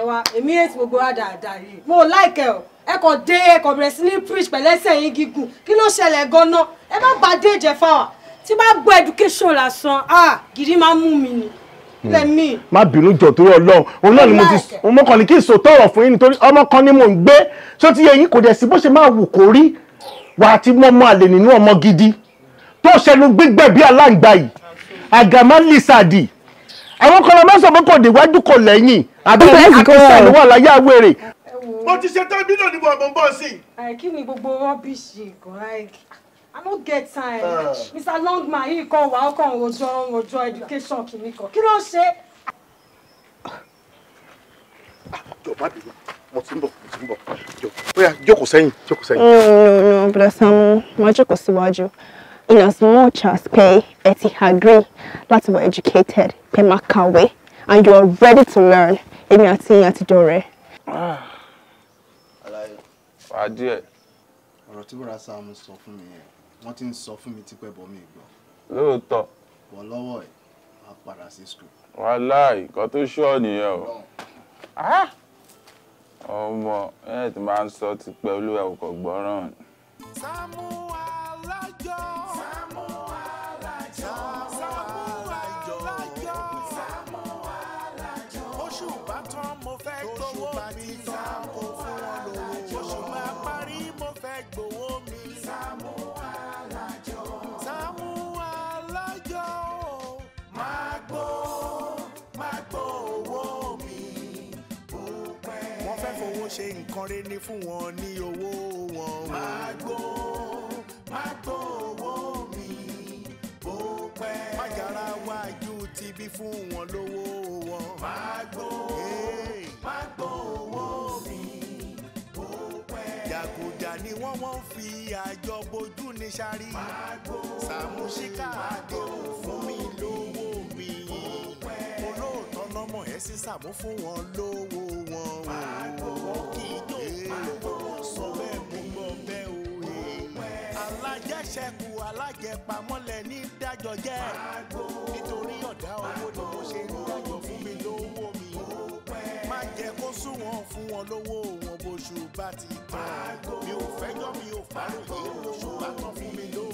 A: ẹ̀wà èmi èsì gbogbo àdàdà yìí mo láìkẹ́ o ẹ kò dé ẹ kò bẹ̀rẹ̀ sí ní preach pẹ̀lú ẹsẹ̀ yín gígùn kí ló ṣẹlẹ̀ gan-an ẹ má gba dé ìjẹ fáwa tí bá gbọ́ education lásán ah gidi máa mú mi ni hmm. lẹ́mí. má bínú jọ torí Ọlọ́run òun náà ni mo ti òun mọ́kàn ní kí n sọ tọrọ fún yín nítorí ọmọ kan ni mò ń gbé tó ti yẹ yín kò dẹ̀ sí bó ṣe máa wù kó rí wà á ti mọ́mọ́ àlè nínú ọmọ gidi tó ṣẹnu gbígbẹ́ bí aláǹgbá yìí àgàmá lìsàdì àwọn kan lọ mọ́sàn-án kò déwájú kò lẹ́yìn àbí ẹ̀sìn kan sàn wà láyé àwèrè mo ti ṣe tán bílò níbo ọmọ ń bọ̀ sí. kí ni gbogbo rọ́bìṣì kan i no get time ah. mr longman yìí kan wà ó kàn rojọ́ rojọ́ education kìíní kan kí ló ń ṣe. jọba bìbá mo ti ń bọ̀ mo ti ń bọ̀ bóyá jókòó sẹ́yìn jókòó sẹ́yìn.
C: no no brother Saamu máa jókòó síwájú in as much as pé ẹ ti agree láti wà educated pé máa kàwé and you are ready to learn èmi àti yín àtijọ́ rẹ̀. Ah
A: fà á díẹ̀. ọ̀rọ̀ tí bọ́ra Sàámú sọ fún mi yẹn wọ́n ti ń sọ fún mi tipẹ́ bọ́ mi gbọ́. lóòótọ́. bọ́ lọ́wọ́ ẹ̀ máa padà sí school. wàláì nǹkan tó ṣọ́ nìyẹn o. Ah! ọmọ ẹ ti máa ń sọ tipẹ́ olúwa kò gbọ́ràn. Sàámú
C: alájọ. Sàámú
A: alájọ. oṣù bàtàn mo fẹ́ gbowó mi. Sàámú fẹ́ gbowó mi. Sàámú Alájọ. Sàámú Alájọ. Máa gbó máa gbó owó mi púpẹ́. Wọ́n fẹ́ fowó ṣe nǹkan rẹ̀ ní fún wọn ní owó wọn. Máa gbó máa gbó owó mi púpẹ́. Májàra wájú tibí fún wọn lówó wọn. Máa gbó. wọ́n wọ́n fi àjọ bojú ní sáré. sàmúsíkà àdéhùn fún mi lówó mi. olóòótọ́ lọ́mọ ẹ̀ sí sàmú fún wọn lówó wọn. wọ́n kì í jó pàgbó sọ bẹ́ẹ̀ mú bọ́ bẹ́ẹ̀ o. alájẹsẹ̀kù alájẹpamọ́lẹ̀ ní dájọ́ jẹ́. nítorí ọ̀dá owó ni mo ṣe ń dájọ́ fún mi lówó mi. má jẹ́ kó sún wọn fún wọn lówó o lóṣù bá ti tán mi ò fẹjọ́ mi ò fàròyé oṣù bá tán fún mi lóṣù.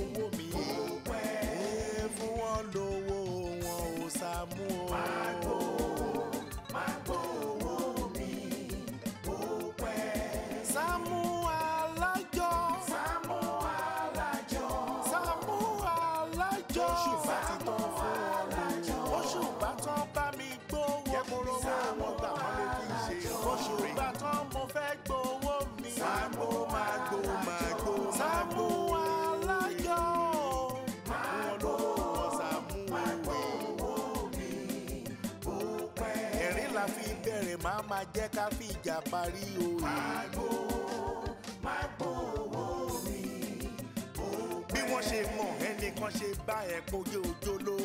A: parí oyè. Magbo Magbo owó mi. Bí wọ́n ṣe mọ̀ ẹnìkan ṣe bá ẹ̀ kojú ojúlówó.